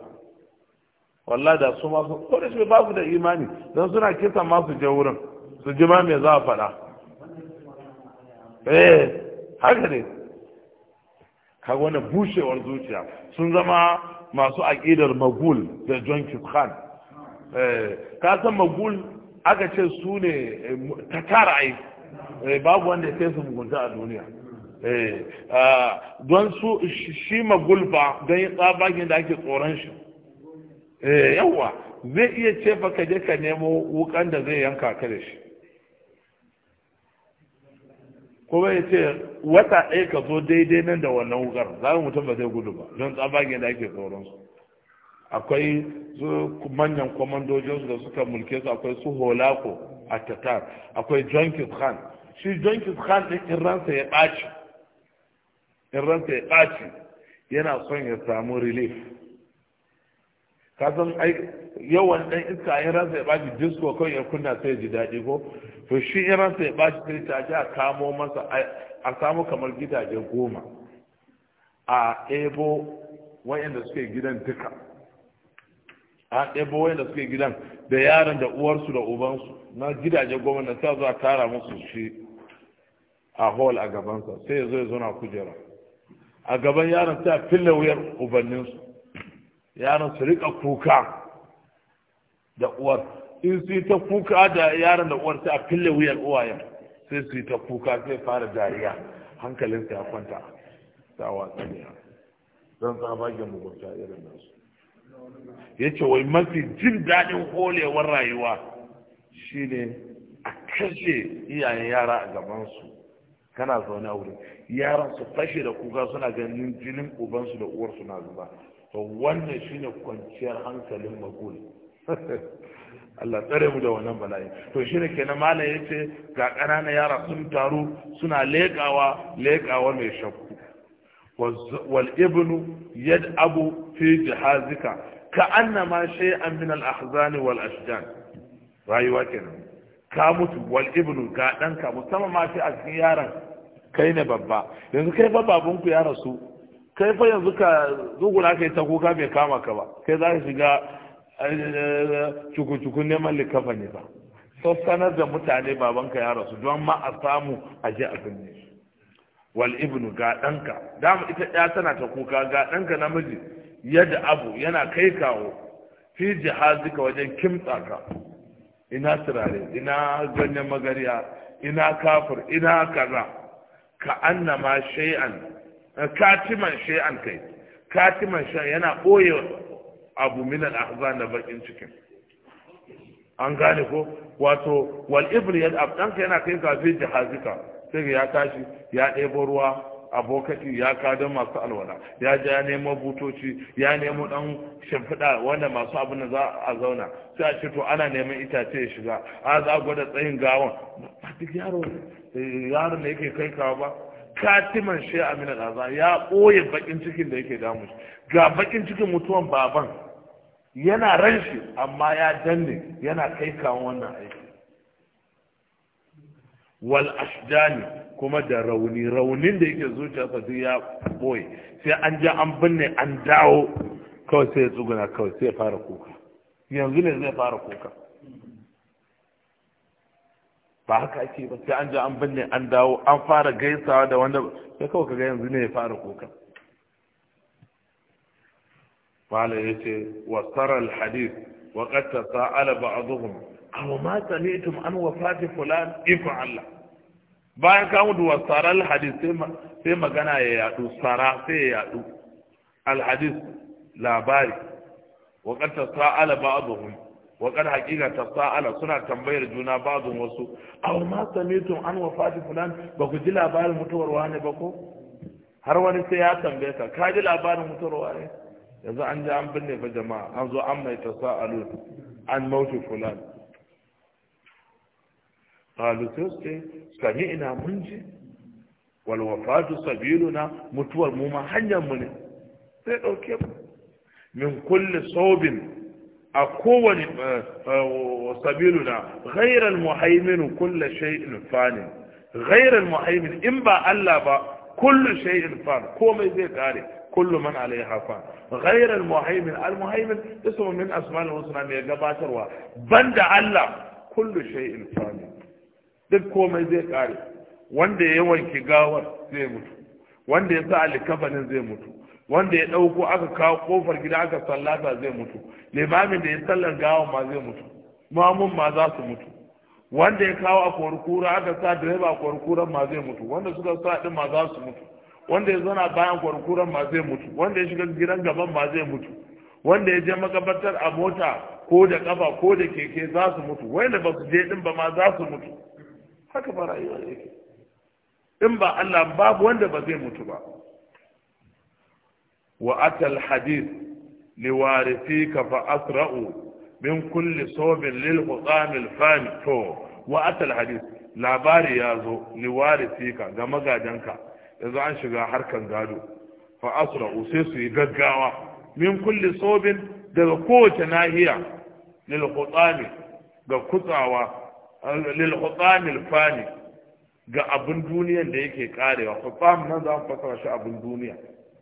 [SPEAKER 1] wallahi da su masu kore su ba su da imani don suna kisa masu je wurin su ji ma me za a faɗa eh haka ne kaga wannan bushewar zuciya sun zama masu aƙidar magul da john kip eh ka san magul aka ce su ne eh, ta tara ai eh, babu wanda ya su mugunta a duniya eh, ah, don su shi magul ba don yi tsabagen da ake tsoron shi E eh, yawa zai iya ce baka je ka nemo wukan da zai yanka ka da shi kuma ya ce wata ɗaya ka zo daidai nan da wannan wukar za mu mutum ba zai gudu ba don tsabagen da ake su. akwai manyan su da suka mulke su akwai su holako a tatar akwai jonkis khan shi jonkis khan ɗin in ransa ya ɓaci ya ɓaci yana son ya samu relief ka san ai yawan dan iska a ransa ya baci disko kawai ya kunna sai ya ji daɗi ko to shi in ransa ya baci sai ta ji a kamo masa a samu kamar gidaje goma a ebo wayanda suke gidan duka a ebo wayanda suke gidan da yaran da uwarsu da ubansu na gidaje goma na sa zuwa tara musu shi a hall a gabansa sai ya zo ya zo na kujera a gaban yaron sai a fille wuyar ubanninsu Yaron su rika kuka da uwar in su yi ta kuka da yaron da uwar ta a fille wuyan uwayen sai su yi ta kuka sai fara dariya hankalin ya kwanta ta watsa ne don tsabagen mugunta irin nasu ya ce wai mafi jin daɗin holewar rayuwa shine a kashe iyayen yara a gabansu kana zaune a wurin yaran su fashe da kuka suna ganin jinin ubansu da uwarsu na zuba to wannan shine kwanciyar hankalin makul Allah tsare mu da wannan bala'i to ne kenan malam ce ga ƙananan yara sun taru suna leƙawa leƙawa mai shakku wal ibnu yad'abu fi jihazika ka annama an min al ahzan wal ashjan rayuwa kenan ka mutu wal ibnu ga ɗanka. musamman ma sai a cikin yaran kai ne babba yanzu kai fa bunku ya rasu kai fa yanzu ka na kai ta kuka bai kama ka ba kai za ka shiga eh, cuku cuku neman likafa ne ba so sanar da mutane babanka ya rasu don ma a samu a je a binne wal ibnu ga ɗanka dama ita ya tana ta kuka ga ɗanka namiji yadda abu yana kai kawo fi jihazika wajen kimtsa ka ina turare ina ganyen magariya ina kafur. ina kaza ka annama shay'an katiman shay'an kai katiman shan yana boye abu min al-ahzan da bakin cikin an gane ko wato wal ibri yad kai yana kai kafi da hazika sai ya tashi ya ɗebo ruwa abokati ya kada masu alwala ya ja ya nemo butoci ya nemo dan shimfiɗa wanda masu abin da za a zauna sai a ce to ana neman itace ya shiga a za a gwada tsayin gawan ba duk yaro eh, yaro ne yake kai kawo ba katiman shi a min ya ɓoye bakin cikin da yake damu ga bakin cikin mutuwan baban yana ran shi amma ya danne yana kai kawo wannan aiki wal ashdani kuma da rauni raunin da yake zuciyarsa duk ya ɓoye sai an ja an binne an dawo kawai sai ya tsuguna kawai sai ya fara kuka yanzu ne zai fara kuka ba haka ake ba sai an ji an binne an dawo an fara gaisawa da wanda sai kawai kaga yanzu ne ya fara kuka mala ya ce wa saral hadith wa qad tasa'ala ba'dhum aw ma sami'tum an wafati fulan ifa Allah bayan ka mutu wa saral hadith sai magana ya yadu sara sai ya yadu al hadith labari wa qad tasa'ala ba'dhum wa kar hakika tasa'ala suna tambayar juna bazun wasu aw ma samitum an wafati fulan ba ku ji labarin mutuwar wani ba ko har wani sai ya tambaye ka ka ji labarin mutuwar wani yanzu an ji an binne fa jama'a an zo an mai tasa'alu an mautu fulan qalu sai sami'na mun ji mutuwar mu ma hanyar mu ne sai dauke min kulli a kowane eh, eh, sabiluna ghairal muhaimin kullu shay'in fani ghairal muhaimin in ba Allah ba kullu shay'in fan komai zai kare kullu man alaiha fan ghairal muhaimin al muhaimin ismu min asma'il husna mai gabatarwa banda Allah kullu shay'in fani duk komai zai kare wanda ya wanke gawar zai mutu wanda ya sa alkafanin zai mutu wanda ya ɗauko aka kawo kofar gida aka sallata zai mutu limamin da ya sallar gawa ma zai mutu mamun ma za su mutu wanda ya kawo a kwarkura aka sa direba a kwarkuran ma zai mutu wanda suka sa din ma za su mutu wanda ya zana bayan kwarkuran ma zai mutu wanda ya shiga gidan gaban ma zai mutu wanda ya je makabartar a mota ko da kafa ko da keke za su mutu Wai ba su je din ba ma za su mutu haka ba rayuwa yake in ba Allah babu wanda ba zai mutu ba wa atal hadith liwarithika fa asra'u min kulli sawbin lil mutamil fani to wa atal labari ya zo ka ga magadanka yanzu an shiga harkar gado fa asra'u sai su yi gaggawa min kulli daga kowace nahiya lil ga kutsawa lil fani ga abin duniyan da yake karewa hutsam nan za mu fasara shi abin duniya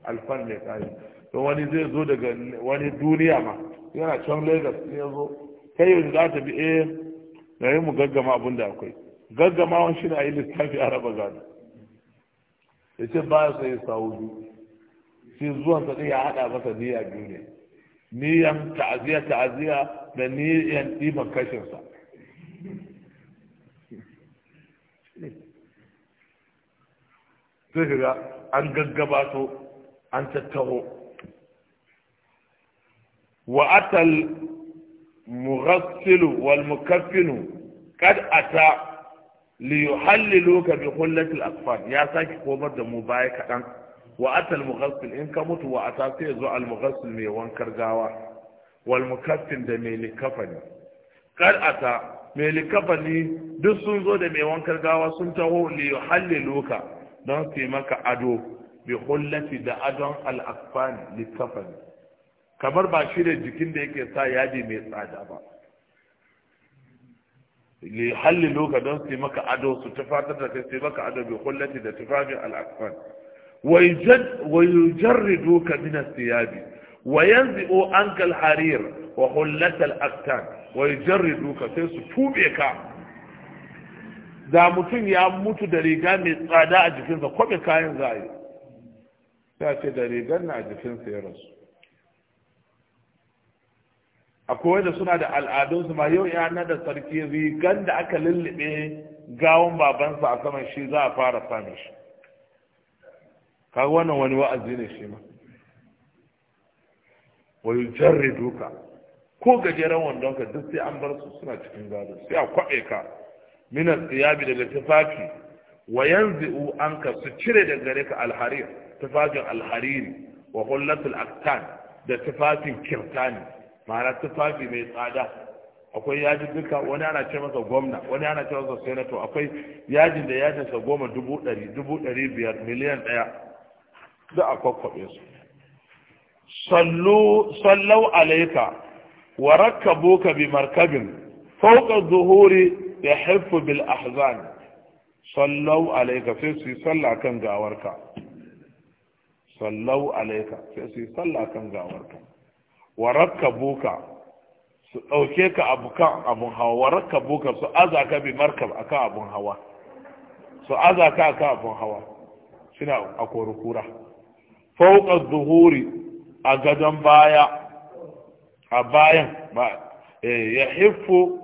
[SPEAKER 1] alfan ne kai to wani zai zo daga wani duniya ma yana can lagos ne ya zo kai yanzu za ta bi eh na yi mu gaggama abin da akwai gaggama wani shi na yi lissafi a raba gado ya ce ba sai ya sawo biyu shi zuwan sa ya haɗa masa niyya biyu ne niyan ta'aziyya ta'aziyya da niyan ɗiban kashinsa sai ga an gaggabato an tattaro wa atal mughassilu wal mukaffinu kad ata li yuhallilu ka bi hullatil akfan ya saki komar da mu baya kadan wa atal mughassil in ka mutu wa ata sai zo al mughassil mai wankar gawa wal mukaffin da mai likafani kad ata mai likafani duk sun zo da mai wankar gawa sun taho li yuhallilu ka don su maka ado bi hullati da adon al'afan littafan kamar ba shi da jikin da yake sa yadi mai tsada ba li halli loka don su maka ado su tufatar da kai su maka ado bi hullati da tufafin al'afan wa yujarridu ka min as-siyabi wa yanzi'u o al-harir wa hullat al-aktan wa yujarridu ka sai su tube ka da mutum ya mutu da riga mai tsada a jikinsa kwabe kayan za a yi ta ce da rigar na a jikinsa ya rasu akwai da suna da al'adunsu ma yau yana da sarki rigar da aka lullube gawon babansa a saman shi za a fara sami shi kaga wannan wani wa'azi ne shi ma Wai jarre duka ko gajeren wandonka duk sai an bar su suna cikin gado sai a kwaɓe ka minas tsiyabi daga tufafi wa yanzu an ka su cire daga gare ka alharir tufafin alhariri wa hullatul aktan da tufafin kirtani ma'ana tufafi mai tsada akwai yaji duka wani ana ce masa gwamna wani ana ce masa senator akwai yajin da yajin sa goma dubu ɗari dubu ɗari biyar miliyan ɗaya duk a kwakwaɓe su sallau alaika wa rakkabuka bi markabin fawqa zuhuri yahiffu bil ahzan sallau alaika sai su yi sallah kan gawarka sallau alaika sai su yi sallah kan gawarka wa buka su ɗauke ka abukan abun hawa wa buka su aza ka bi markab akan abun hawa su aza ka akan abun hawa suna a kura fauka zuhuri a gadon baya a bayan eh, ya hiffo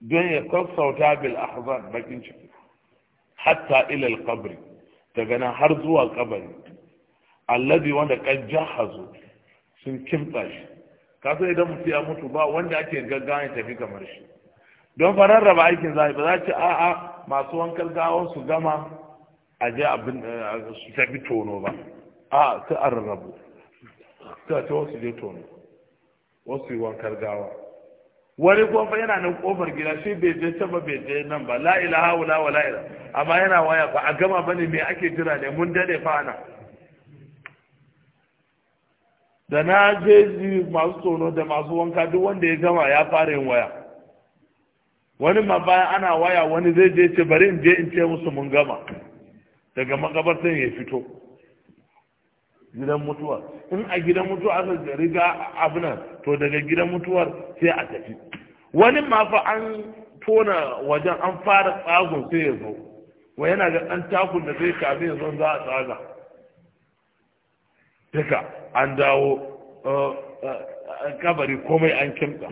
[SPEAKER 1] don ya sassauta bil ahzan bakin ciki hatta ilal qabri daga nan har zuwa kabari allazi wanda kan jahazu sun kimta shi kasa idan mu ya mutu ba wanda ake gaggawa ya tafi kamar shi don fa raba aikin zai ba za ci a'a masu wankan gawon su gama a je abin eh, su tafi tono ba a sai a rarrabu ta ce wasu je tono wasu yi wankan gawa wani kofa yana nan kofar gida shi bai je can ba bai je nan ba la ilaha wala wala ila amma yana waya ba a gama bane me ake jira ne mun dade fa ana da na je zi masu tsoro da masu wanka duk wanda ya gama ya fara yin waya wani ma baya ana waya wani zai je ce bari in je in ce musu mun gama daga makabartan ya fito gidan mutuwar in a gidan mutuwa aka riga abinan to daga gidan mutuwar sai a tafi wani ma fa an tona wajen an fara tsagon sai ya zo wa yana ga ɗan takun da zai kame ya zo za a tsaga duka an dawo uh, uh, kabari komai an kimta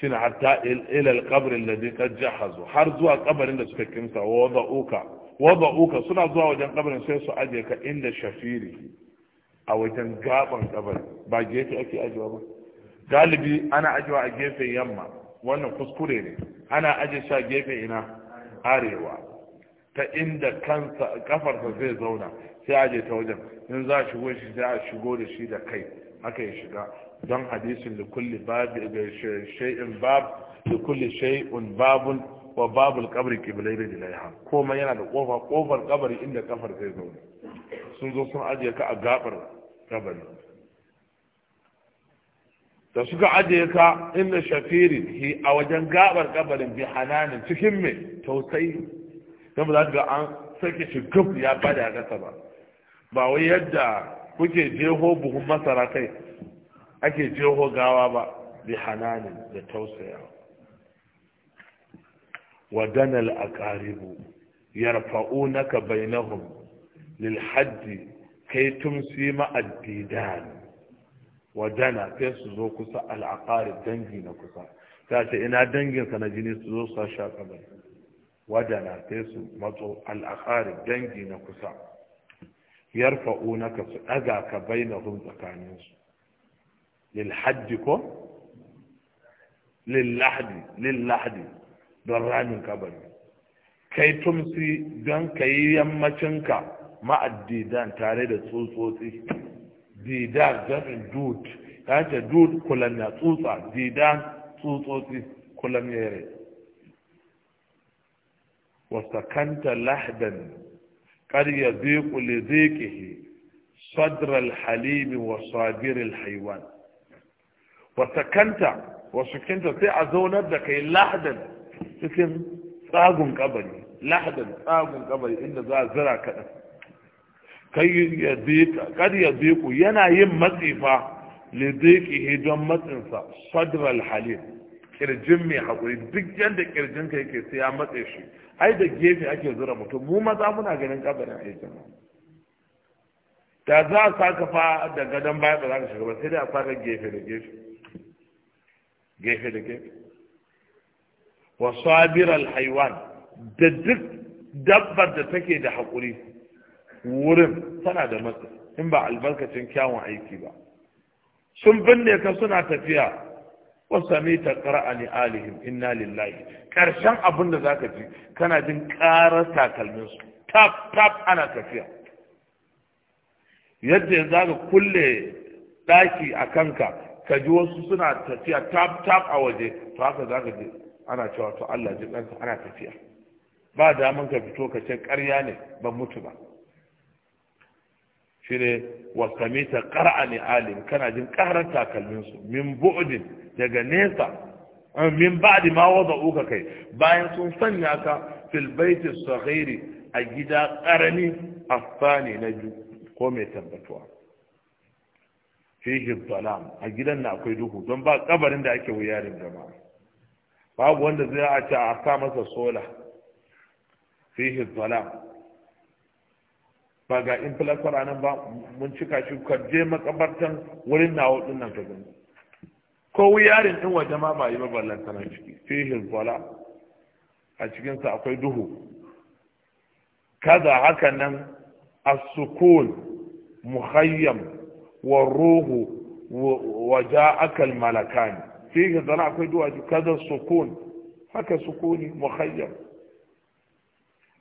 [SPEAKER 1] shine hatta ila alqabr alladhi qad jahazu har zuwa kabarin da suka kimta wada'uka wada'uka suna zuwa wajen kabarin sai su aje ka inda shafiri a wajen gaban kabarin ba gefe ake ajewa ba galibi ana ajewa a gefen yamma wannan kuskure ne ana aje shi a gefen ina arewa ta inda kansa kafarsa zai zauna sai a je ta wajen in za a shigo shi sai a shigo da shi da kai haka ya shiga don hadisin da kulli shay'in babu da kulli shay'un babun wa babul kabri bilai da laiha komai yana da kofa kofar kabari inda kafar zai zaune sun zo sun ajiye ka a gabar kabari da suka ajiye ka inda shafirin hi a wajen gabar kabarin bi hananin cikin mai tausayi don ba za ga an sake shi gub ya bada a ƙasa ba ba wai yadda kuke jeho buhun masara kai ake jeho gawa ba bi hananin da tausaya wa danal aqaribu na bainahum lil haddi kai tumsi ma addidan wa dana sai su zo kusa al dangi na kusa ta ce ina danginsa na jini su zo su sha wa dana sai su matso al dangi na kusa yarfa'unaka su ɗaga ka bainahum tsakaninsu lil hajji ko lil lahdi lil lahdi don ramin kabari kai tumsi don kai yammacinka ma'addidan tare da tsotsotsi didan zamin dud ya ce dud kulan na tsutsa didan tsotsotsi kulan yare wasakanta lahdan kar ya ziku li zikihi صدر الحليم وصابر الحيوان وسكنت وسكنت sai a zaunar da kai lahdan cikin tsagun kabari tsagun kabari inda za a zira kaɗan kar ya ku yana yin matsifa lizikihi don matsinsa sadral halim kirjin mai haƙuri duk yadda kirjin ka yake sai ya matse shi ai da gefe ake zura mutum mu maza muna ganin kabarin aikin da za a saka fa da gadon baya ba za ka shiga ba sai dai a saka gefe da gefe gefe da gefe wa al haiwan da duk dabbar da take da haƙuri wurin tana da matsa in ba albarkacin kyawun aiki ba sun binne ka suna tafiya wa sami ta ni alihim inna lillahi Karshen abin da za ka ji kana jin ƙarar takalminsu tap tap ana tafiya yadda za ka kulle ɗaki a kanka ka ji wasu suna tafiya tap tap a waje to haka za ka ji ana cewa to Allah ji ɗansa ana tafiya ba daman ka fito ka ce ƙarya ne ban mutu ba shi ne wasamita ƙar'a ne alim kana jin ƙarar takalminsu min bu'udin daga nesa min ba'di ma ka kai bayan sun sanya ka fil baiti saghiri a gida karami afani na biyu ko mai tabbatuwa fihi dhalam a gidan na akwai duhu don ba kabarin da ake wuyarin jama'a babu wanda zai a ce a sa masa sola fihi dhalam ba ga in filafar ba mun cika shi ka je makabartan wurin nawo din nan ka gani ko wuyarin din waje ma ba yi tana ciki fihin zala a cikinsa akwai duhu kaza haka nan as-sukun muhayyam wa ruhu wa ja'aka al-malakan fihin zala akwai duhu kaza sukun haka sukuni muhayyam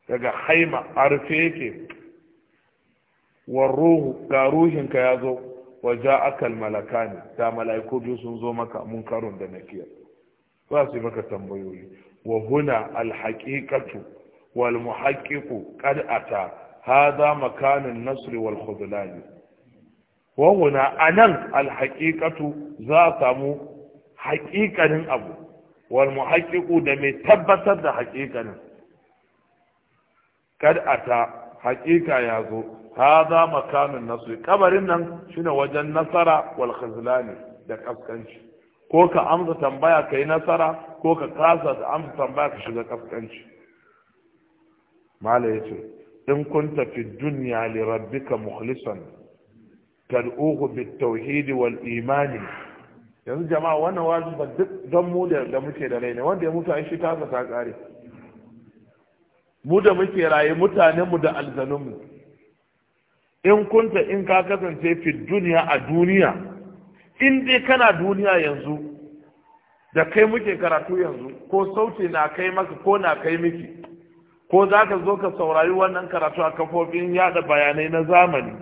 [SPEAKER 1] daga haima arfe yake wa ruhu ga ruhinka ya zo Waje akal malaka malakani da malaiku biyu sun zo maka munkarun da nakir za su yi maka tambayoyi wa huna alhaƙiƙatu, haqiqatu wal muhaqqiqu qad ata hadha makanun nasr wal khudlan wa huna anan alhaƙiƙatu haqiqatu za samu haƙiƙanin abu wal muhaqqiqu da mai tabbatar da haƙiƙanin. kad haƙiƙa ya zo hadha makanun nasr kabarin nan shine wajen nasara wal khazlani da kaskanci ko ka amsa tambaya kai nasara ko ka kasa ta amsa tambaya ka shiga kaskanci mala yace in kunta fi dunya li rabbika mukhlisan tad'uhu bit tauhid wal iman yanzu jama'a wannan ba duk don mu da muke da rai wanda ya mutu ai shi ta ta kare mu da muke raye mu da aljanunmu in kunta in ka kasance fi duniya a duniya in dai kana duniya yanzu da kai muke karatu yanzu ko sauti na kai maka ko na kai miki ko za ka zo ka saurari wannan karatu a kafofin yada bayanai na zamani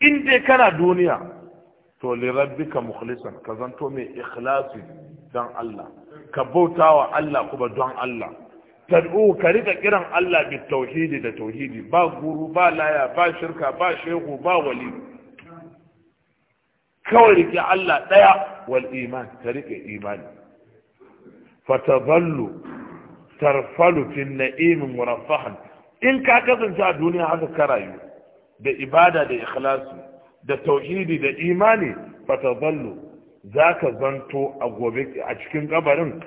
[SPEAKER 1] in dai kana duniya to lirabbika mukhlisan ka zanto mai ikhlasi don Allah ka bautawa Allah kuma don Allah tad'u ka rika kiran Allah bi tauhidi da tauhidi ba guru ba laya ba shirka ba shehu ba wali kawai rike Allah daya wal iman ka rike imani fataballu tarfalu fi na'im murafahan in ka kasance a duniya haka ka rayu da ibada da ikhlasu da tauhidi da imani fatazallu zaka zanto a gobe a cikin kabarin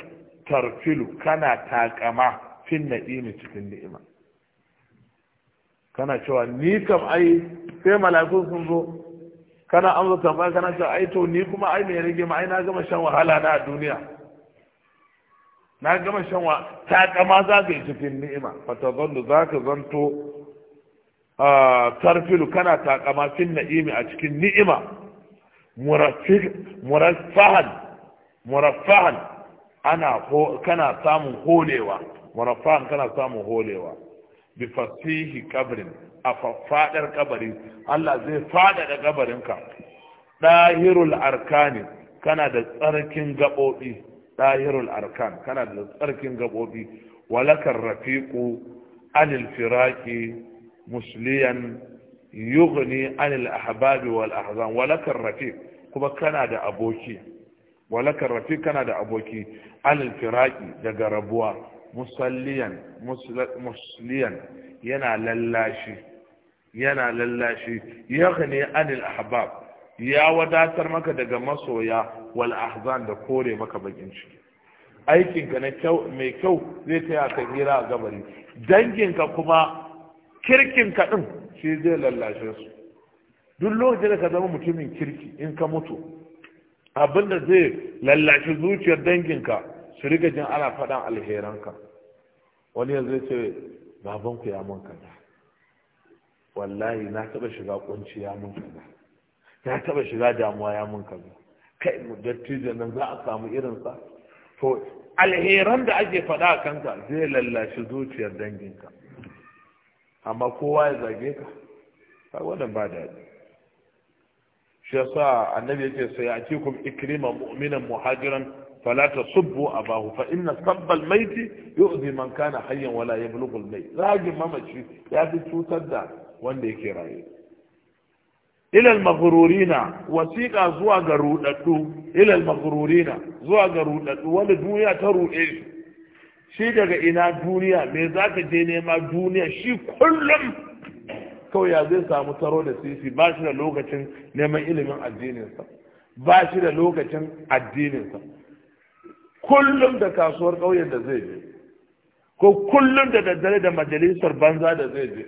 [SPEAKER 1] tarfilu kana takama fin na'imi cikin ni'ima kana cewa ni kam ai sai mala'iku sun zo kana amsa tambaya kana cewa ai to ni kuma ai mai rage ma ai na gama shan wahala na a duniya na gama shan wa ta kama za ka yi cikin ni'ima fata zanto za ka zanto tarfilu kana takama fin na'imi a cikin ni'ima murafahan murafahan ana kana samun holewa muraffa'an kana samun holewa bi fasihi kabrin a fadar kabari Allah zai fadada kabarinka dahirul arkani kana da tsarkin gabobi dahirul arkan kana da tsarkin gabobi walakar rafiku, anil firaqi musliyan yughni anil ahbabi wal ahzan walakar rafiq kuma kana da aboki walakar rafiq kana da aboki anil firaqi daga rabuwa musalliyan musliyan yana lallashi yana lallashi yaghni anil ahbab ya wadatar maka daga masoya wal ahzan da kore maka bakin ciki aikinka na kyau mai kyau zai taya ka hira a gabari danginka kuma kirkin din shi zai lallashe su duk lokacin da ka zama mutumin kirki in ka mutu abinda zai lallashe zuciyar danginka su riga jin ana faɗan alheranka wani yanzu ce babanku ya mun kaza wallahi na taba shiga kunci ya mun kaza na taba shiga damuwa ya mun kaza kai mu dattijo nan za a samu irin sa to alheran da ake faɗa a kanka zai lallashi zuciyar danginka amma kowa ya zage ka kai wannan ba daɗi shi yasa annabi yake sai a cikin ikrima mu'minan muhajiran فلا تصبوا أباه فإن صب الميت يؤذي من كان حيا ولا يبلغ الميت راجل ممشي يأتي توتد wanda yake raye ilal maghrurina wasiqa zuwa ga rudaddu ilal maghrurina zuwa ga rudaddu wanda duniya ta ruɗe shi daga ina duniya me zaka je nema duniya shi kullum kawai ya zai samu taro da sisi ba shi da lokacin neman ilimin addininsa ba shi da lokacin addininsa kullum da kasuwar ƙauyen da zai je ko kullum da daddare da majalisar banza da zai je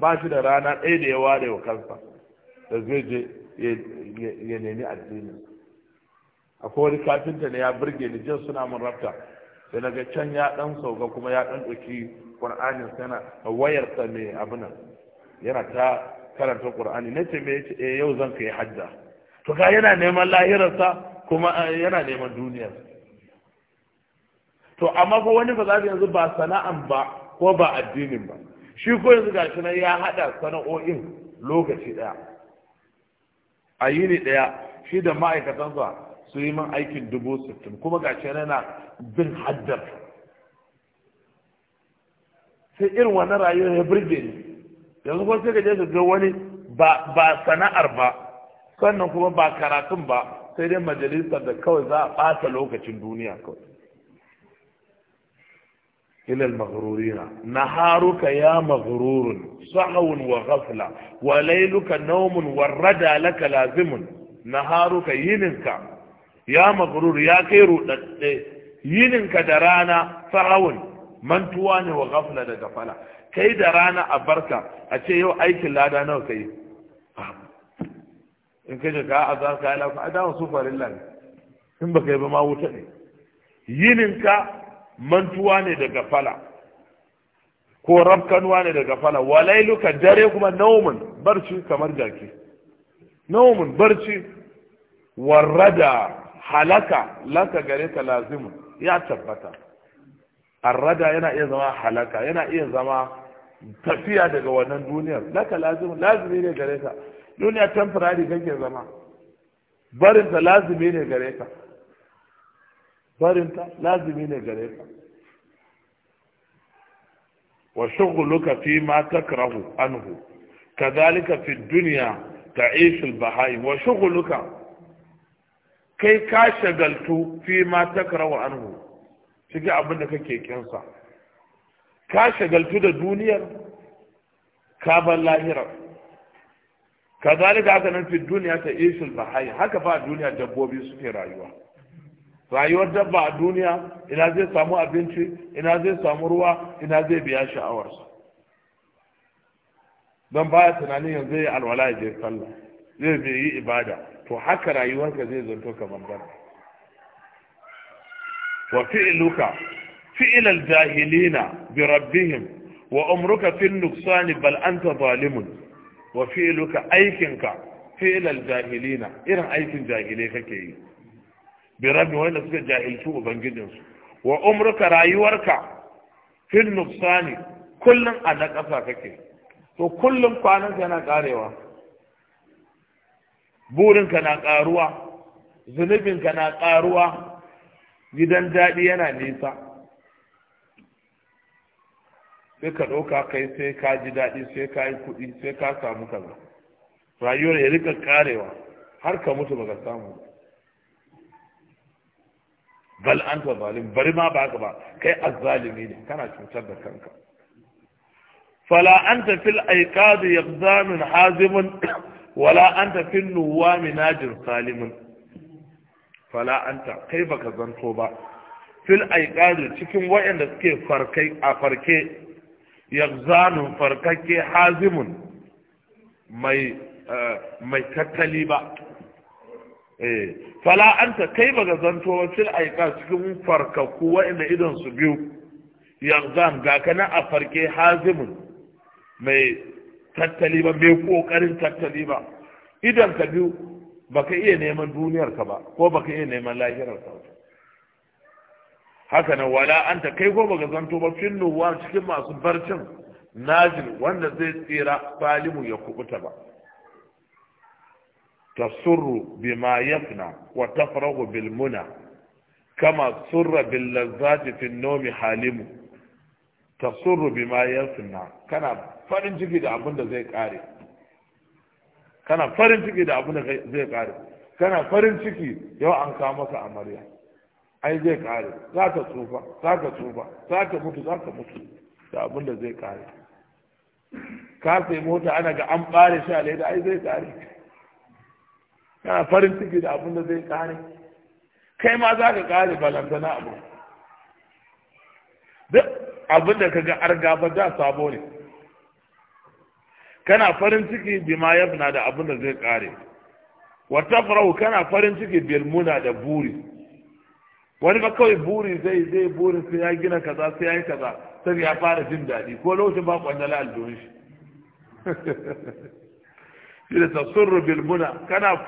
[SPEAKER 1] ba shi da rana ɗaya da ya ware wa kansa da zai je ya nemi addini akwai wani kafinta ne ya burge ni jin suna mun rafta sai na ga can ya ɗan sauka kuma ya ɗan ɗauki ƙur'anin sana wayarsa mai nan, yana ta karanta ƙur'ani na ce me eh, yau zan kai hajja
[SPEAKER 2] to ga yana neman lahirarsa
[SPEAKER 1] kuma eh, yana neman duniyar to amma ko wani ba za yanzu ba sana'an ba ko ba addinin ba shi ko yanzu shi nan ya haɗa sana'o'in lokaci ɗaya a yini ɗaya shi da ma'aikatansa su yi man aikin dubu sittin kuma ga shi yana bin haddar sai irin wannan rayuwar ya birge ni yanzu kuma sai ka je ka ga wani ba sana'ar ba sannan kuma ba karatun ba sai dai majalisar da kawai za a ɓata lokacin duniya kawai ilal maghrurina naharuka ya maghrurun sahawun wa ghafla wa lailuka nawmun wa rada laka lazimun naharuka yininka ya maghrur ya kai rudadde yininka da rana sahawun mantuwa ne wa ghafla da gafala kai da rana a barka a ce yau aikin lada nawa kai in ka ka a za ka yi lafi a dama su farin ne in ba yi ba ma wuta ne yininka mantuwa ne daga fala ko rabkanuwa ne daga fala walailuka dare kuma naumun barci kamar jaki naumun barci warrada halaka laka gare ka lazimu ya tabbata arrada yana iya zama halaka yana iya zama tafiya daga wannan duniyar laka lazimu lazimi ne gare ka duniya temporary kake zama barinta lazimi ne gare ka barinta lazimi ne gare ka wa shughluka fi ma takrahu anhu kadhalika fi dunya ta'ish al-bahai wa shughluka kai ka shagaltu fi ma takrahu anhu cikin abin da kake kinsa ka shagaltu da duniyar ka ban lahirar kazalika haka nan fi duniya ta ishul bahai haka fa a duniya dabbobi suke rayuwa rayuwar dabba a duniya ina zai samu abinci ina zai samu ruwa ina zai biya sha'awarsa don baya tunanin yanzu ya alwala ya je sallah zai bai yi ibada to haka rayuwarka zai zanto kamar dabba wa fi'luka fi'lal jahilina bi rabbihim wa umruka fi nuqsani bal anta zalimun wa fi'luka aikinka fi'lal jahilina irin aikin jahilai kake yi bi rabbi wanda suka jahilci ubangijinsu wa umruka rayuwarka fil nuqsani kullum a naƙasa kake to kullum kwananka yana ƙarewa burinka na ƙaruwa zunubinka na ƙaruwa gidan daɗi yana nisa sai ka ɗauka kai sai ka ji daɗi sai ka yi kuɗi sai ka samu kaza rayuwar ya rika karewa har ka mutu baka samu bal an ta zalim bari ma ba ka ba kai azzalimi ne kana cutar da kanka fala ta fil ya zamin hazimin wala ta fil nuwa minajin salimin fala ta kai baka zanto ba fil aiqad cikin waɗanda suke farkai a farke yagzanu farkake hazimun mai tattali ba fala anta kai ga zanto wa aika cikin farkakku wa'inda idan su biyu yagzan ga kana a farke hazimun mai tattali ba mai kokarin tattali ba idan ka biyu baka iya neman duniyarka ba ko baka iya neman lahirarka ba haka nan wala anta kai ko baka zanto ba fil nuwar cikin masu barcin najil wanda zai tsira salimu ya kubuta ba tasurru bima yafna wa tafrahu bil muna kama surra bil lazzati fi nomi halimu tasurru bima yafna kana farin ciki da abin da zai kare kana farin ciki da abin da zai kare kana farin ciki yau an kawo masa amarya ai zai kare za ka tsufa za ka tsufa za ka mutu za ka mutu da abin da zai kare ka sai mota ana ga an bare shi a leda ai zai kare kana farin ciki da abin da zai kare kai ma za ka kare balantana abu duk abin da ka ga argaba da sabo ne kana farin ciki ma yabna da abin da zai kare wa tafrahu kana farin ciki bil muna da buri wani ba kawai buri zai zai burin sai ya gina kaza sai ya yi kaza sai ya fara jin daɗi ko lokacin ba kwandala aldorin shi shi da tasurru bilmuna kana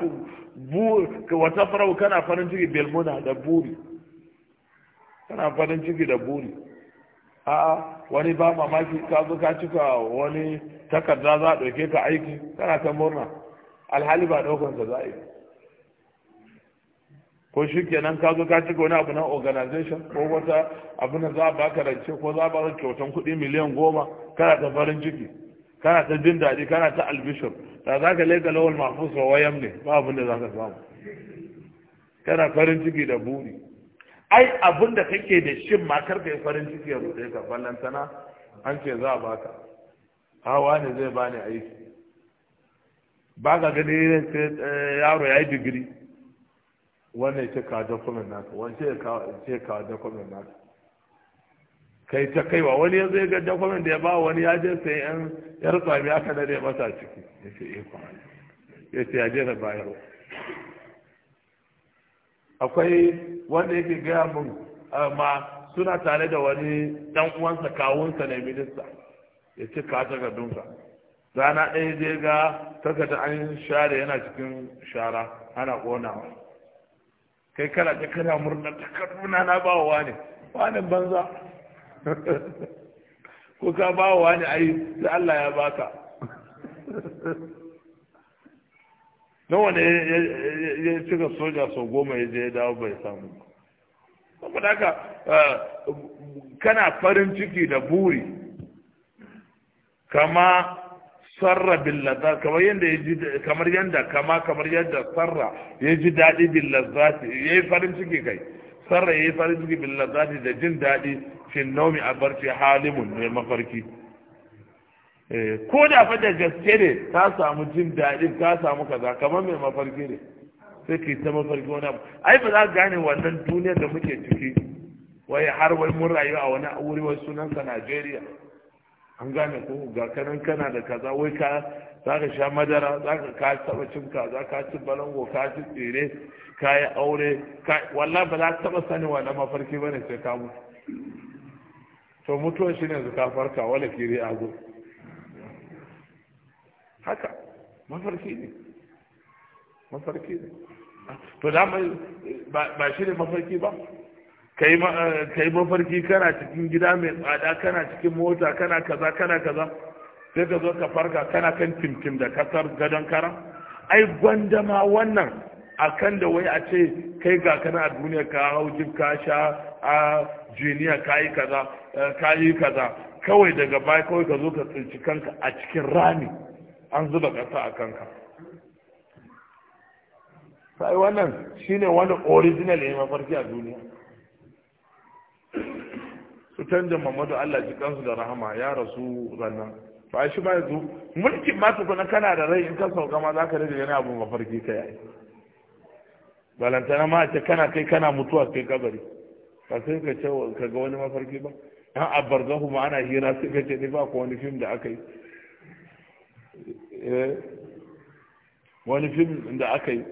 [SPEAKER 1] wata farau kana farin ciki bilmuna da buri kana farin ciki da buri a wani ba mamaki ka zo ka cika wani takarda za a ɗauke ka aiki kana ta murna alhali ba ɗaukansa za a yi ko shi kenan ka zo ka cika wani abu na organization ko wata abu na za a baka rance ko za a baka kyautan kuɗi miliyan goma kana ta farin ciki kana ta jin daɗi kana ta albishir da za ka leka lawal mafus wa wayan ne ba abin da za ka samu kana farin ciki da buri ai abin da kake da shin ma karka yi farin ciki ya rute ka ballantana an ce za a baka hawa ne zai bani aiki ba ka gani eh, yaro ya yi digiri wannan ce ka document naka wance ce ka document naka kai ta kaiwa wani yanzu ya ga document da ya ba wani ya je sai yan yar tsami aka dade masa ciki ya ce eh ko ya ce ya je na bayarwa akwai wanda yake gaya mun ma suna tare da wani dan uwansa kawunsa ne minista ya ce ka takardunka rana ɗaya zai ga takarda an share yana cikin shara ana ƙonawa kai kana da kana murnar ta kaduna na ba wa ne wani banza ko ka ba wa ne ai da Allah ya baka no wani ya cika soja sau goma ya je ya dawo bai samu saboda haka eh, kana farin ciki da buri kama sarra bil lazzat kamar yanda ya ji kamar yanda kama kamar yanda sarra ya ji dadi bil ya yayi farin ciki kai sarra yayi farin ciki bil lazzat da jin dadi fin naumi a barci halimun ne mafarki eh, ko da fa da gaske ne ta samu jin daɗi ta samu kaza kamar mai mafarki ne sai ki ta mafarki wani abu ai ba za ka gane wannan duniyar da muke ciki wai har wai mun rayu a wani wuri wai sunansa Najeriya an gane ko ga kanan kana da kaza wai ka za ka sha madara za ka ka taba cin kaza ka ci balango ka ci tsire ka yi aure wallahi ba za ka taba sani wannan mafarki ba ne sai ka mutu to mutuwar shi ne su ka farka wala kiri zo haka mafarki ne mafarki ne to da ba shi ne mafarki ba kai mafarki kana cikin gida mai tsada kana cikin mota kana kaza kana kaza sai ka zo ka farka kana kan timtim da kasar gadon kara ai gwandama wannan akan da wai a ce kai ga kana a duniya ka hau ka sha a jiniya ka yi kaza eh, ka kaza kawai daga baya kawai ka zo ka tsinci kanka a cikin rami an zuba kasa a kanka sai wannan shine wani original ya mafarki a duniya su canja mamadu Allah ji kansu da rahama ya rasu zanna. ba shi ba yanzu mulkin ma tukuna kana da rai in ka sauka ma za ka rage gani abu mafarki ka yayi balantana ma ce kana kai kana mutuwa kai kabari ba sai ka ce ka ga wani mafarki ba an abarzahu ma ana hira sai ka ce ni ba ko wani fim da aka yi eh, wani fim da aka yi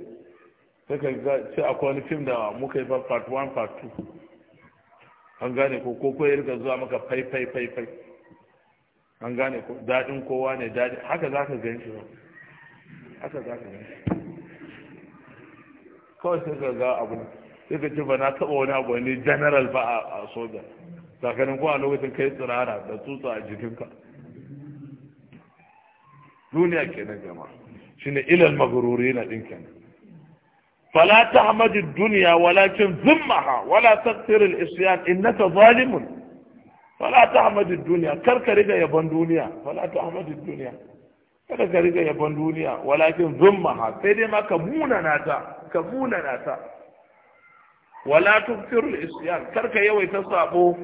[SPEAKER 1] sai ka ce akwai wani fim da muka yi ba part 1 part 2 an gane ko ko kai rika zuwa maka fai fai fai fai an gane ko dadin kowa ne dadi haka zaka gan shi haka zaka gan shi kawai sai ka ga abu sai ka ce ba na taba wani abu ne general ba a soja sakanin ko a lokacin kai tsirara da tsutsa a jikinka duniya kenan jama'a shine ilal magururi na din kenan فلا تحمد الدنيا ولكن ذمها ولا تكثر الإسيان إنك ظالم فلا تحمد الدنيا كركرك يبن دنيا فلا تحمد الدنيا كركرك يبن دنيا ولكن ذمها سيدي ما كمونا ناتا كمونا ناتا ولا تكثر الإسيان كرك يوي تصابو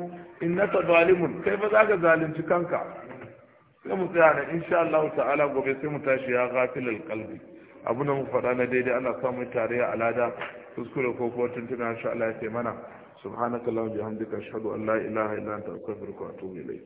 [SPEAKER 1] إنك ظالم كيف ذاك ظالم تكنك sai mu tsaya da insha Allah ta'ala gobe sai mu tashi ya ghafilul qalbi abin da muka faɗa na daidai ana samun tarayya a lada kuskure ko kuwa tuntuna insha Allah ya mana subhanaka allahumma bihamdika ashhadu an la ilaha illa anta astaghfiruka wa atubu ilayk